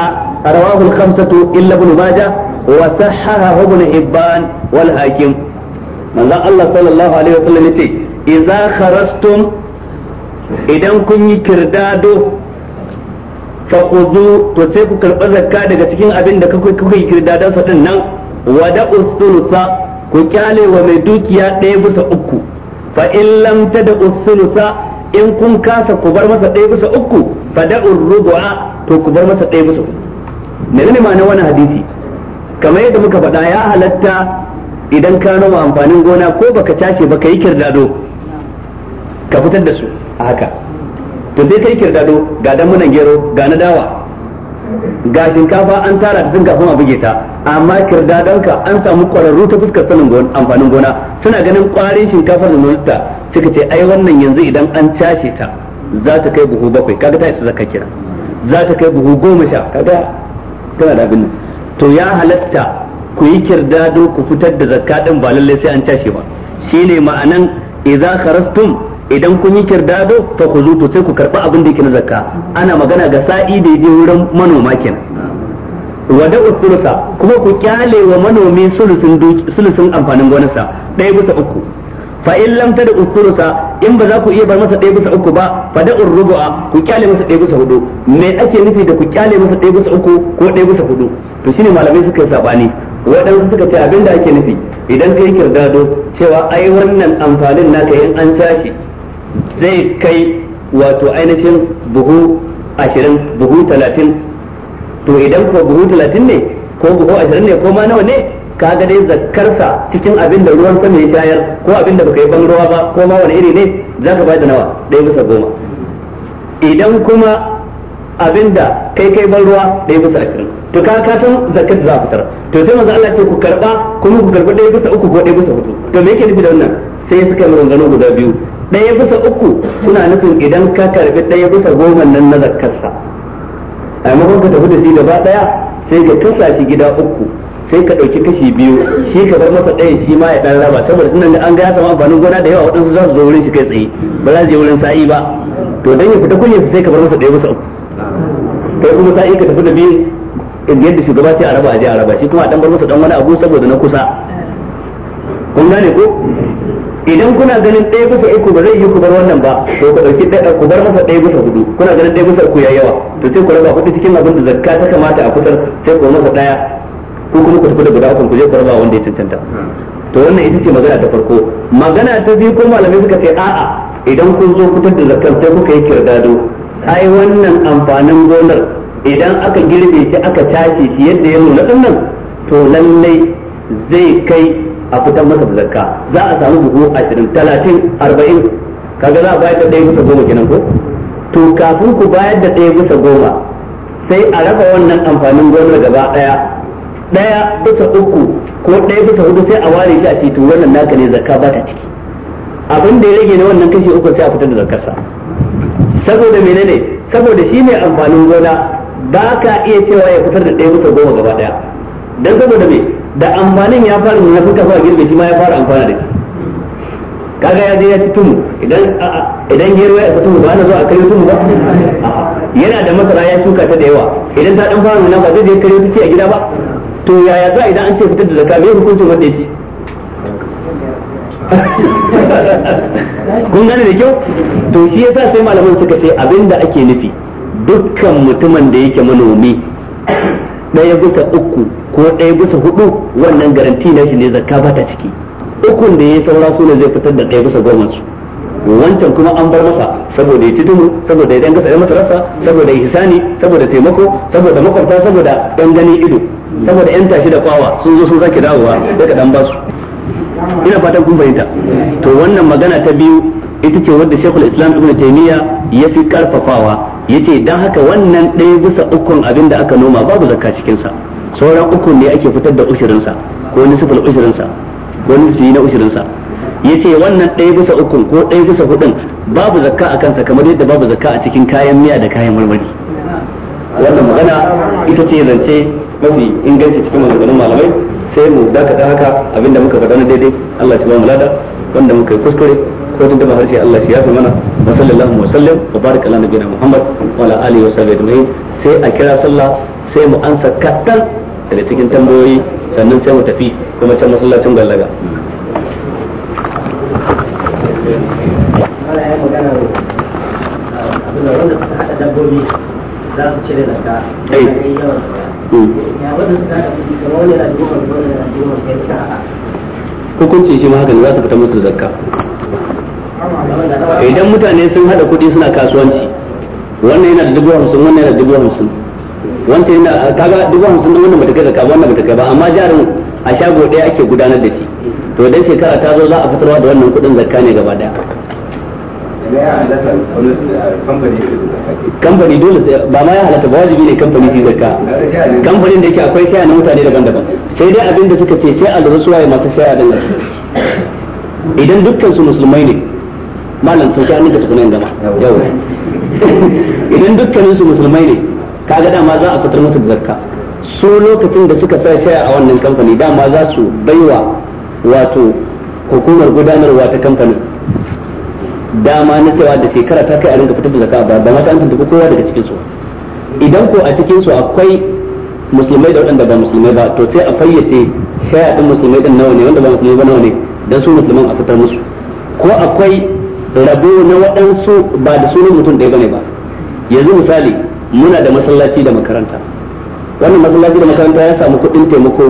رواه الخمسة إلا ابن ماجه وصححه ابن حبان والحاكم من الله صلى الله عليه وسلم يقول إذا خرجتم idan kun yi kirdado fa kuzu to sai ku karɓi zakka daga cikin abin da kuka yi kirdadon sa din nan wada usulusa ku kyale wa mai dukiya ɗaya bisa uku fa in lam da usulusa in kun kasa ku bar masa ɗaya bisa uku fa da rubu'a to ku bar masa ɗaya bisa uku menene ma'anar wannan hadisi kamar yadda muka faɗa ya halatta idan ka noma amfanin gona ko baka tashi baka yi kirdado ka fitar da su a haka to sai kai kirdado ga dan munan gero ga na dawa ga shinkafa an tara da tun kuma a buge ta amma kirdadanka an samu kwararru ta fuskar sanin amfanin gona suna ganin kwarin shinkafar da nolita suka ce ai wannan yanzu idan an cashe ta za ta kai buhu bakwai kaga ta isa zakka kira za ta kai buhu goma sha kaga tana da abin to ya halatta ku yi kirdado ku fitar da zakka din ba lallai sai an cashe ba shine ma'anan idza kharastum idan kun yi kirdado fa ku zuto sai ku karba abin da yake na zakka ana magana ga sa'i da je wurin manoma kenan wada usulusa kuma ku kyale wa manomi sulusun sulusun amfanin gonarsa ɗaya bisa uku fa in lam tada usulusa in ba za ku iya bar masa ɗaya bisa uku ba fa da urruba ku kyale masa ɗaya bisa hudu me ake nufi da ku kyale masa ɗaya bisa uku ko ɗaya bisa hudu to shine malamai suka yi sabani waɗansu suka ce abin da ake nufi idan yi kirdado cewa ai wannan amfanin naka in an tashi zai kai wato ainihin buhu ashirin buhu talatin to idan ko buhu talatin ne ko buhu ashirin ne ko ma nawa ne Ka ga dai zakkarsa cikin abin da ruwan sama ya shayar ko abin da baka yi ban ruwa ba ko ma wani iri ne za ka bada nawa ɗaya bisa goma idan kuma abin da kai kai ban ruwa ɗaya bisa ashirin to ka ka san zakkar za a fitar to sai manzo Allah ce ku karba kuma ku karba ɗaya bisa uku ko ɗaya bisa hudu to me yake nufi da wannan sai suka yi maganganu guda biyu ɗaya bisa uku suna nufin idan ka karbi ɗaya bisa goma nan na zakkarsa a maimakon ka tafi da shi gaba ɗaya sai ka kasa shi gida uku sai ka ɗauki kashi biyu shi ka bar masa ɗaya shi ma ya ɗan raba saboda sunan da an ga ya samu amfanin gona da yawa waɗansu za su zo wurin shi kai tsaye ba za su je wurin sa'i ba to dan ya fita kunya sai ka bar masa ɗaya bisa uku kai kuma sa'i ka tafi da biyu yadda shugaba sai a raba a je a raba shi kuma a ɗan bar masa ɗan wani abu saboda na kusa kun gane ko idan kuna ganin ɗaya bisa uku ba zai yi ku bar wannan ba to ku ɗauki ɗaya ku bar masa ɗaya bisa hudu kuna ganin ɗaya bisa uku ya yawa to sai ku raba kuɗi cikin abin da zakka ta kamata a kusar sai ku masa ɗaya ko kuma ku tafi da guda uku ku je ku raba wanda ya cancanta to wannan ita ce magana ta farko magana ta biyu ko malamai suka ce a'a idan kun zo fitar da zakkan sai kuka yi kirdado ai wannan amfanin gonar idan aka girbe shi aka tashi shi yadda ya nuna ɗin nan to lallai zai kai a fitar masa da zakka za a samu buhu 20 30 40 kaga za a bayar da ɗaya bisa goma kenan ko to kafin ku bayar da ɗaya bisa goma sai a raba wannan amfanin gonar gaba ɗaya ɗaya bisa uku ko ɗaya bisa hudu sai a ware shi a ce to wannan naka ne zakka ba ta ciki abin da ya rage na wannan kashi uku sai a fitar da zakkarsa saboda menene saboda shi ne amfanin gona ba ka iya cewa ya fitar da ɗaya bisa goma gaba ɗaya dan saboda me da amfanin ya fara nuna suka kasuwa girbe shi ma ya fara amfana da shi kaga ya je ya ci tumu idan idan gero ya tumu ba na zo a kai tumu ba yana da masara ya shuka ta da yawa idan ta dan fara nuna ba zai je kare ta ce a gida ba to yaya za idan an ce fitar da zakka me hukuncin wanda ya ci kun gane da kyau to shi yasa sai malaman suka ce abinda ake nufi dukkan mutumin da yake manomi daya bisa uku ko ɗaya bisa hudu wannan garanti na shi ne zakka ba ta ciki ukun da ya saura su ne zai fitar da ɗaya bisa goma su wancan kuma an bar masa saboda ya ci dumu saboda ya dan gasa masa rasa saboda ya hisani saboda taimako saboda makwabta saboda dan ganin ido saboda yan tashi da kwawa sun zo sun sake dawowa sai ka dan ba su ina fatan kun fahimta to wannan magana ta biyu ita ce wadda Sheikhul Islam Ibn Taymiyyah ya fi karfafawa ce dan haka wannan ɗaya bisa ukun abin da aka noma babu zakka cikinsa. sauran uku ne ake fitar da ushirinsa ko nisful ushirinsa ko nisifi na ushirinsa yace wannan ɗaya bisa ukun ko ɗaya bisa hudun babu zakka a kansa kamar yadda babu zakka a cikin kayan miya da kayan marmari wannan magana ita ce zance mafi inganci cikin maganganun malamai sai mu dakata haka abinda muka faɗa na daidai Allah ya ba lada wanda muka yi kuskure ko tun da harshe Allah shi fi mana wa sallallahu wa sallam wa baraka ala nabiyina Muhammad wa ala alihi wa sahbihi sai a kira sallah sai mu ansa kaɗan daga cikin tambayoyi sannan sai mu tafi kuma can masallacin gallaga eh. mm. hukunci shi ma hakan za su fita musu zakka idan mutane sun hada kuɗi suna kasuwanci wannan yana da dubu hamsin wannan yana da dubu hamsin wanda yana kaga dubu hamsin da wannan bata kai zakka wannan bata kai ba amma jarin a shago ɗaya ake gudanar da shi to dan shekara ta zo za a fitarwa da wannan kuɗin zakka ne gaba ɗaya eh, kamfani dole ba ma ya halatta ba wajibi ne kamfani su zakka kamfanin da yake akwai shaya na mutane daban-daban sai dai abin da suka ce sai a lura suwaye masu shaya din idan dukkan su musulmai ne malam sauki an nika tukunan gama yawa idan dukkanin su musulmai ne kaga dama za a fitar musu zakka su lokacin da suka sai shaya a wannan kamfani dama za su baiwa wato hukumar gudanarwa ta kamfanin dama na cewa da shekara ta kai a rinka fitar da zakka ba ba mata an tuntuɓi kowa daga cikin su idan ko a cikin su akwai musulmai da waɗanda ba musulmai ba to sai a fayyace shaya ɗin musulmai ɗin nawa ne wanda ba musulmai ba nawa ne dan su musulman a fitar musu ko akwai rabo na waɗansu ba da sunan mutum ɗaya bane ba yanzu misali muna da masallaci da makaranta wannan masallaci da makaranta ya samu kuɗin taimako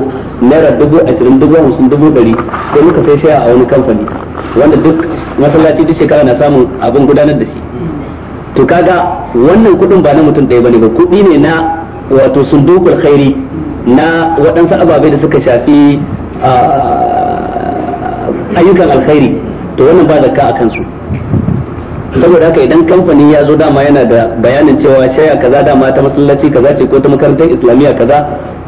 naira dubu ashirin dubu hamsin dubu ɗari sai muka sai shaya a wani kamfani wanda duk masallaci duk shekara na samun abin gudanar da shi to kaga wannan kuɗin ba na mutum ɗaya bane ba kuɗi ne na wato sundukul khairi na waɗansu ababai da suka shafi ah, ayyukan alkhairi to wannan ba zakka a kansu saboda haka idan kamfani ya zo dama yana da bayanin cewa shaya kaza dama ta masallaci kaza ce ko ta makarantar islamiyya kaza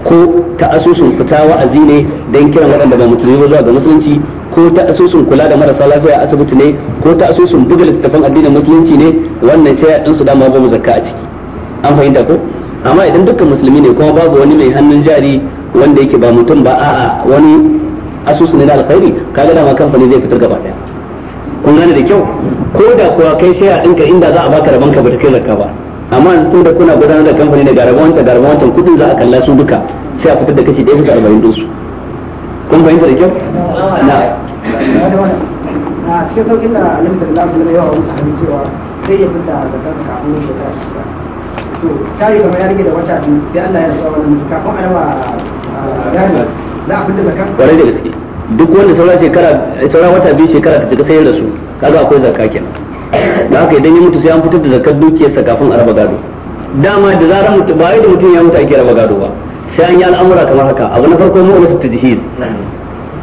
ko ta asusun fita wa'azi ne don kiran waɗanda ba musulmi ba zuwa ga musulunci ko ta asusun kula da marasa lafiya asibiti ne ko ta asusun buga littattafan addinin musulunci ne wannan shaya ɗinsu dama babu zakka a ciki an fahimta ko amma idan dukkan musulmi ne kuma babu wani mai hannun jari wanda yake ba mutum ba a'a wani asusun ne na alkhairi kaga dama kamfani zai fitar gaba ɗaya kun gane da kyau ko da kuwa kai sai a dinka inda za a baka rabon ka bata kai zakka ba amma tun da kuna gudanar da kamfani ne ga rabon wancan ga rabon wancan kudin za a kalla su duka sai a fitar da kashi ɗaya bisa arba'in ɗinsu kun fahimta da kyau na a cikin sauƙin da alimtar lafi na yawa wani sahabi cewa zai iya fita zakka kafin yin shekara shida to tari kamar ya rage da wata biyu sai Allah ya rasuwa wannan kafin a raba gani za a fita zakka kwarai da gaske duk wanda sauran shekara sauran wata biyu shekara ta cika sayar da su kaga akwai zakka kenan da haka idan ya mutu sai an fitar da zakkar dukiyarsa kafin a raba gado dama da zarar mutu ba da mutum ya mutu ake raba gado ba sai an yi al'amura kamar haka abu na farko mu'minatu tajhiz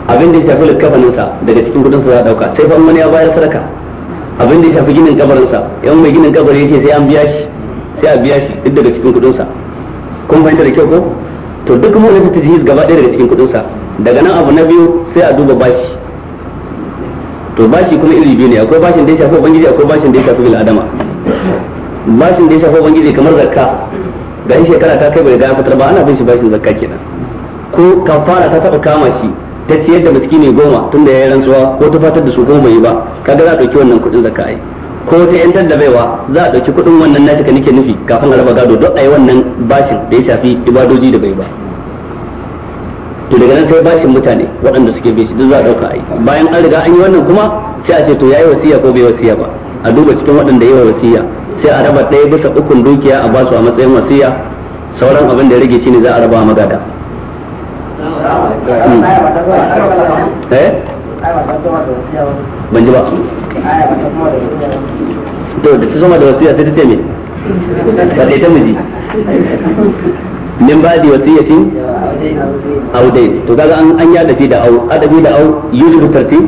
abin da ya shafi likafanin sa daga cikin kudin sa za a dauka sai fa wani ya bayar sadaka abin da ya shafi ginin kabarin sa yan mai ginin kabari yake sai an biya shi sai a biya shi duk daga cikin kudin sa kun fahimta da kyau ko to duk mu'minatu tajhiz gaba ɗaya daga cikin kudin sa daga nan abu na biyu sai a duba bashi to bashi kuma iri biyu ne akwai bashin da ya shafi ubangiji akwai bashin da ya shafi bil adama bashin da ya shafi ubangiji kamar zakka ga shi shekara ta kai bai ga fitar ba ana bin shi bashin zakka kenan ko kafara ta taba kama shi ta ciyar da miskini goma tunda ya yi rantsuwa ko ta fatar da su goma yi ba kaga za a ɗauki wannan kuɗin zakka ai ko ta yantar da baiwa za a ɗauki kuɗin wannan nashi ka nake nufi kafin a raba gado don a yi wannan bashin da ya shafi ibadoji da bai ba to daga nan sai bashin mutane waɗanda suke bi shi duk za a ɗauka a yi bayan an riga an yi wannan kuma sai a ce to yayi wasiya ko bai wasiya ba a duba cikin waɗanda yayi wasiya sai a raba ɗaya bisa ukun dukiya a basu a matsayin wasiya sauran abin da ya rage shine za a raba magada hmm. eh? ban ji ba to da ta zama da wasiya sai ta ce me ba ta miji min ba'di wasiyatin aw dayn to kaga an an yada da au adabi da au yuzu tartib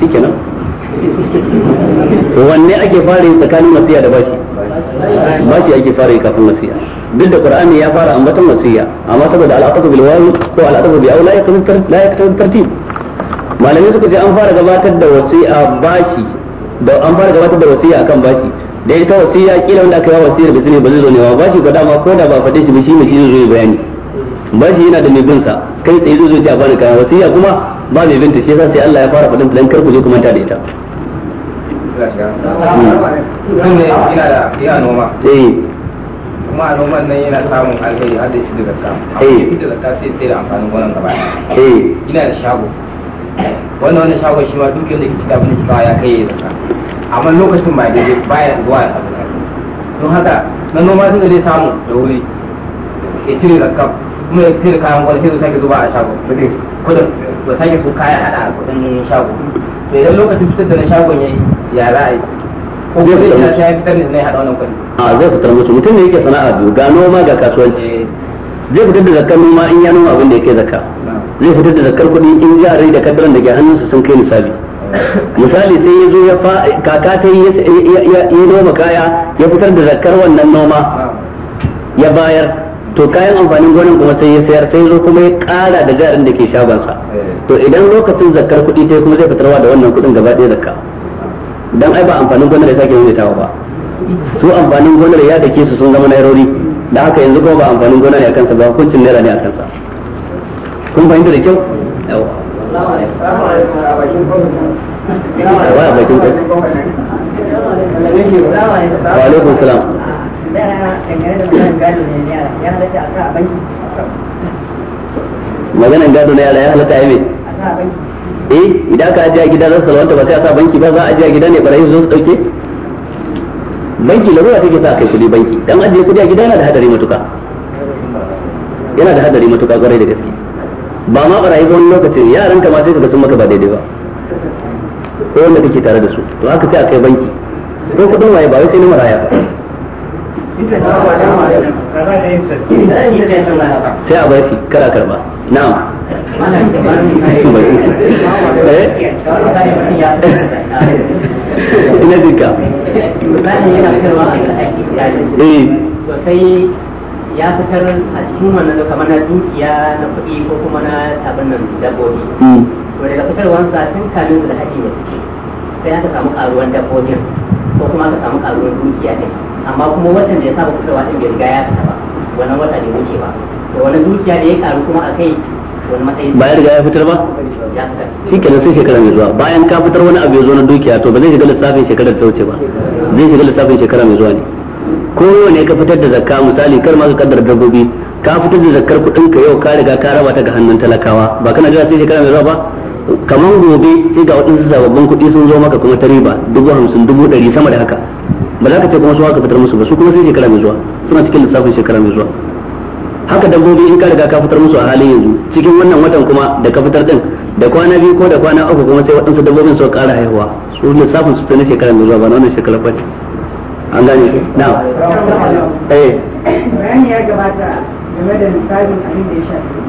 shikenan to wanne ake fara yi tsakanin wasiya da bashi bashi ake fara yi kafin wasiya duk da qur'ani ya fara ambaton wasiya amma saboda al'aqatu bil wali ko al'aqatu bi aula yakun la yakun tartib malamai suka ce an fara gabatar da wasiya bashi da an fara gabatar da wasiya akan bashi da ita wasiya kila wanda aka yi wasiyar da sani ba zai zo ne ba shi ga dama ko da ba fade shi ba shi ne shi zai zo bayani ba shi yana da mai bin sa kai tsaye zai zo ya bani kayan wasiya kuma ba mai binta shi yasa sai Allah ya fara fadin dan kar ku je ku manta da ita eh. kuma a noman nan yana samun alheri har da shi da zakka amma eh. da zakka sai sai da amfanin gonan gaba eh. ina da shago wannan wannan shago shi ma duk yanda kike da abin da kika ya kai zaka. amma lokacin ba daidai baya zuwa ya samu don haka na noma sun zai samu da wuri ya cire zakka kuma ya cire kayan gwal sai su sake zuba a shago kudin ba sake su kaya hada a kudin shago to idan lokacin fitar da na shagon ya yi ko ya ta fitar da zai hada wannan kudin a zai fitar musu mutum ne yake sana'a biyu ga noma ga kasuwanci eh. zai fitar da zakkar noma in ya noma abin da yake zakka zai fitar da zakkar kudi in ya rai da kadaran da ke hannunsa sun kai nisabi misali sai ya zo ya kaka ta yi noma kaya ya fitar da zakar wannan noma ya bayar to kayan amfanin gonan kuma sai ya sayar sai zo kuma ya kara da jarin da ke shagonsa to idan lokacin zakkar kuɗi ta kuma zai fitarwa da wannan kuɗin gaba ɗaya zakka dan ai ba amfanin gonar ya sake tawa ba su amfanin gonar ya dake su sun zama nairori da haka yanzu kuma ba amfanin gona ne a kansa ba hukuncin naira ne a kansa kun fahimta da kyau yawa waya bakin kai wa alaikum salam maganan gado na yara ya halatta ya mai eh idan ka ajiya gida zan salwanta ba sai a sa banki ba za a ajiya gida ne barayi zo su dauke banki larura take sa kai shi banki dan ajiye kudi a gida yana da hadari matuka yana da hadari matuka kwarai da gaske ba ma barayi ba wani lokacin yaran ka ma sai ka san maka ba daidai ba ko wanda kake tare da su to aka ce a kai banki ko kudin waye ba sai na maraya ba sai a bar shi kara karba na'am eh? ina ya fitar a cikin wannan kamar na dukiya na kuɗi ko kuma na abin nan dabbobi mm. to daga fitarwansa tun kamin da haɗi ne sai aka samu karuwan dabbobin ko kuma aka samu karuwan dukiya ne amma kuma watan da ya saba fitarwa ɗin bai riga ya fita ba wannan wata ne wuce ba to wani dukiya da ya karu kuma a kai wani matsayi ba ya riga ya fitar ba shi kenan sai shekara mai zuwa bayan ka fitar wani abu ya zo na dukiya to ba zai shiga lissafin shekarar ta wuce ba zai shiga lissafin shekara mai zuwa ne ko ne ka fitar da zakka misali kar ma ka kaddara dabbobi ka fitar da zakkar kuɗin ka yau ka riga ka raba ta ga hannun talakawa ba kana jira sai shekara mai zuwa ba kamar gobe sai ga waɗansu sababbin kuɗi sun zo maka kuma ta riba dubu hamsin dubu dari sama da haka ba za ka ce kuma su haka fitar musu ba su kuma sai shekara mai zuwa suna cikin lissafin shekara mai zuwa haka dabbobi in ka riga ka fitar musu a halin yanzu cikin wannan watan kuma da ka fitar din da kwana biyu ko da kwana uku kuma sai waɗansu dabbobin suka ƙara haihuwa su lissafin su sai na shekara mai zuwa ba na wannan shekara ba an gane na eh ya gabata game da misalin abin da ya shafi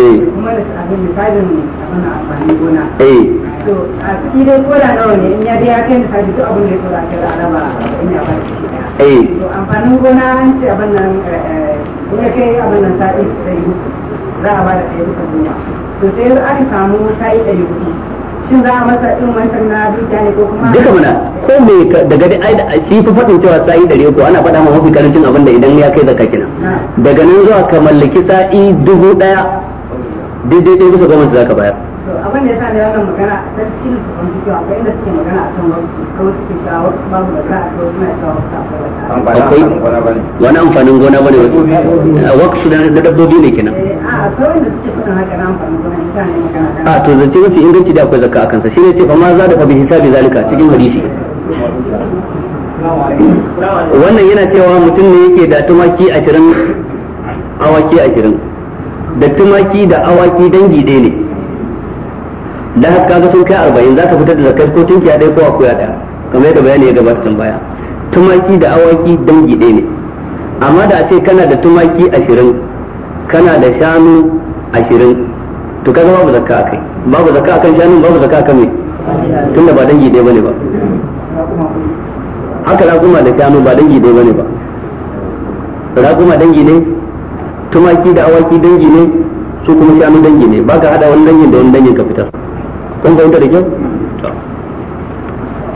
eh kuma da abin misalin amfani gona eh. to a cikin dai ko nawa in ya dai ya kai misali duk abin da ya tura ta araba in ya shi eh to amfanin gona an ce abin nan eh, eh, ya kai abin nan sa'i sai za a ba da to sai samu sa'i duka mana ko me daga da dai shi fa fadin cewa sa'i dare ko ana faɗa ma mafi karancin abin da idan ya kai zakka kina daga nan zuwa ka mallaki sa'i dubu daya daidai dai bisa gwamnati zaka bayar abin da sa ne wannan magana ta cikin su akwai inda suke magana a kan wasu kawai suke cewa wasu babu da ka a suna ya kawo wasu akwai wani amfanin gona bane wasu na dabbobi ne kenan eh, a to zance mafi inganci da akwai zakka kansa, shi ne ce fa ma za da fabi bi hisabi zalika cikin hadisi wannan yana cewa mutum ne yake da tumaki 20 awaki 20 da tumaki da awaki dangi dai ne da haka kaga sun kai arba'in za ka fitar da zakkar ko tunkiya ɗaya ko akuya ɗaya kamar yadda bayani ya gabata can baya tumaki da awaki dangi ɗaya ne amma da a ce kana da tumaki ashirin. kana da shanu ashirin to kaga babu zakka akai babu zakka akan shanu babu zakka akan me tunda ba dangi dai bane ba haka raguma da shanu ba dangi dai bane ba raguma dangi ne tumaki da awaki dangi ne su kuma shanu dangi ne ba ka hada wani dangin da wani dangin ka fitar kun fahimta da kyau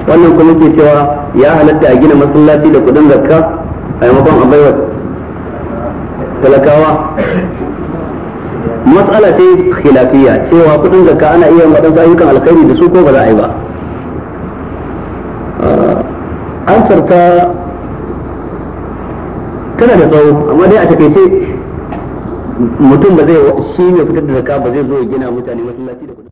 wannan kuma ke cewa ya halatta a gina masallaci da kudin zakka a maimakon a baiwa talakawa matsala ce khilafiyya cewa kudin zakka ana iya yin waɗansu ayyukan alkhairi da su ko ba za a yi ba ansar ah, ta tana da tsawo amma dai a takaice mutum ba zai shi mai fitar da zakka ba zai zo ya gina mutane masallaci da kudin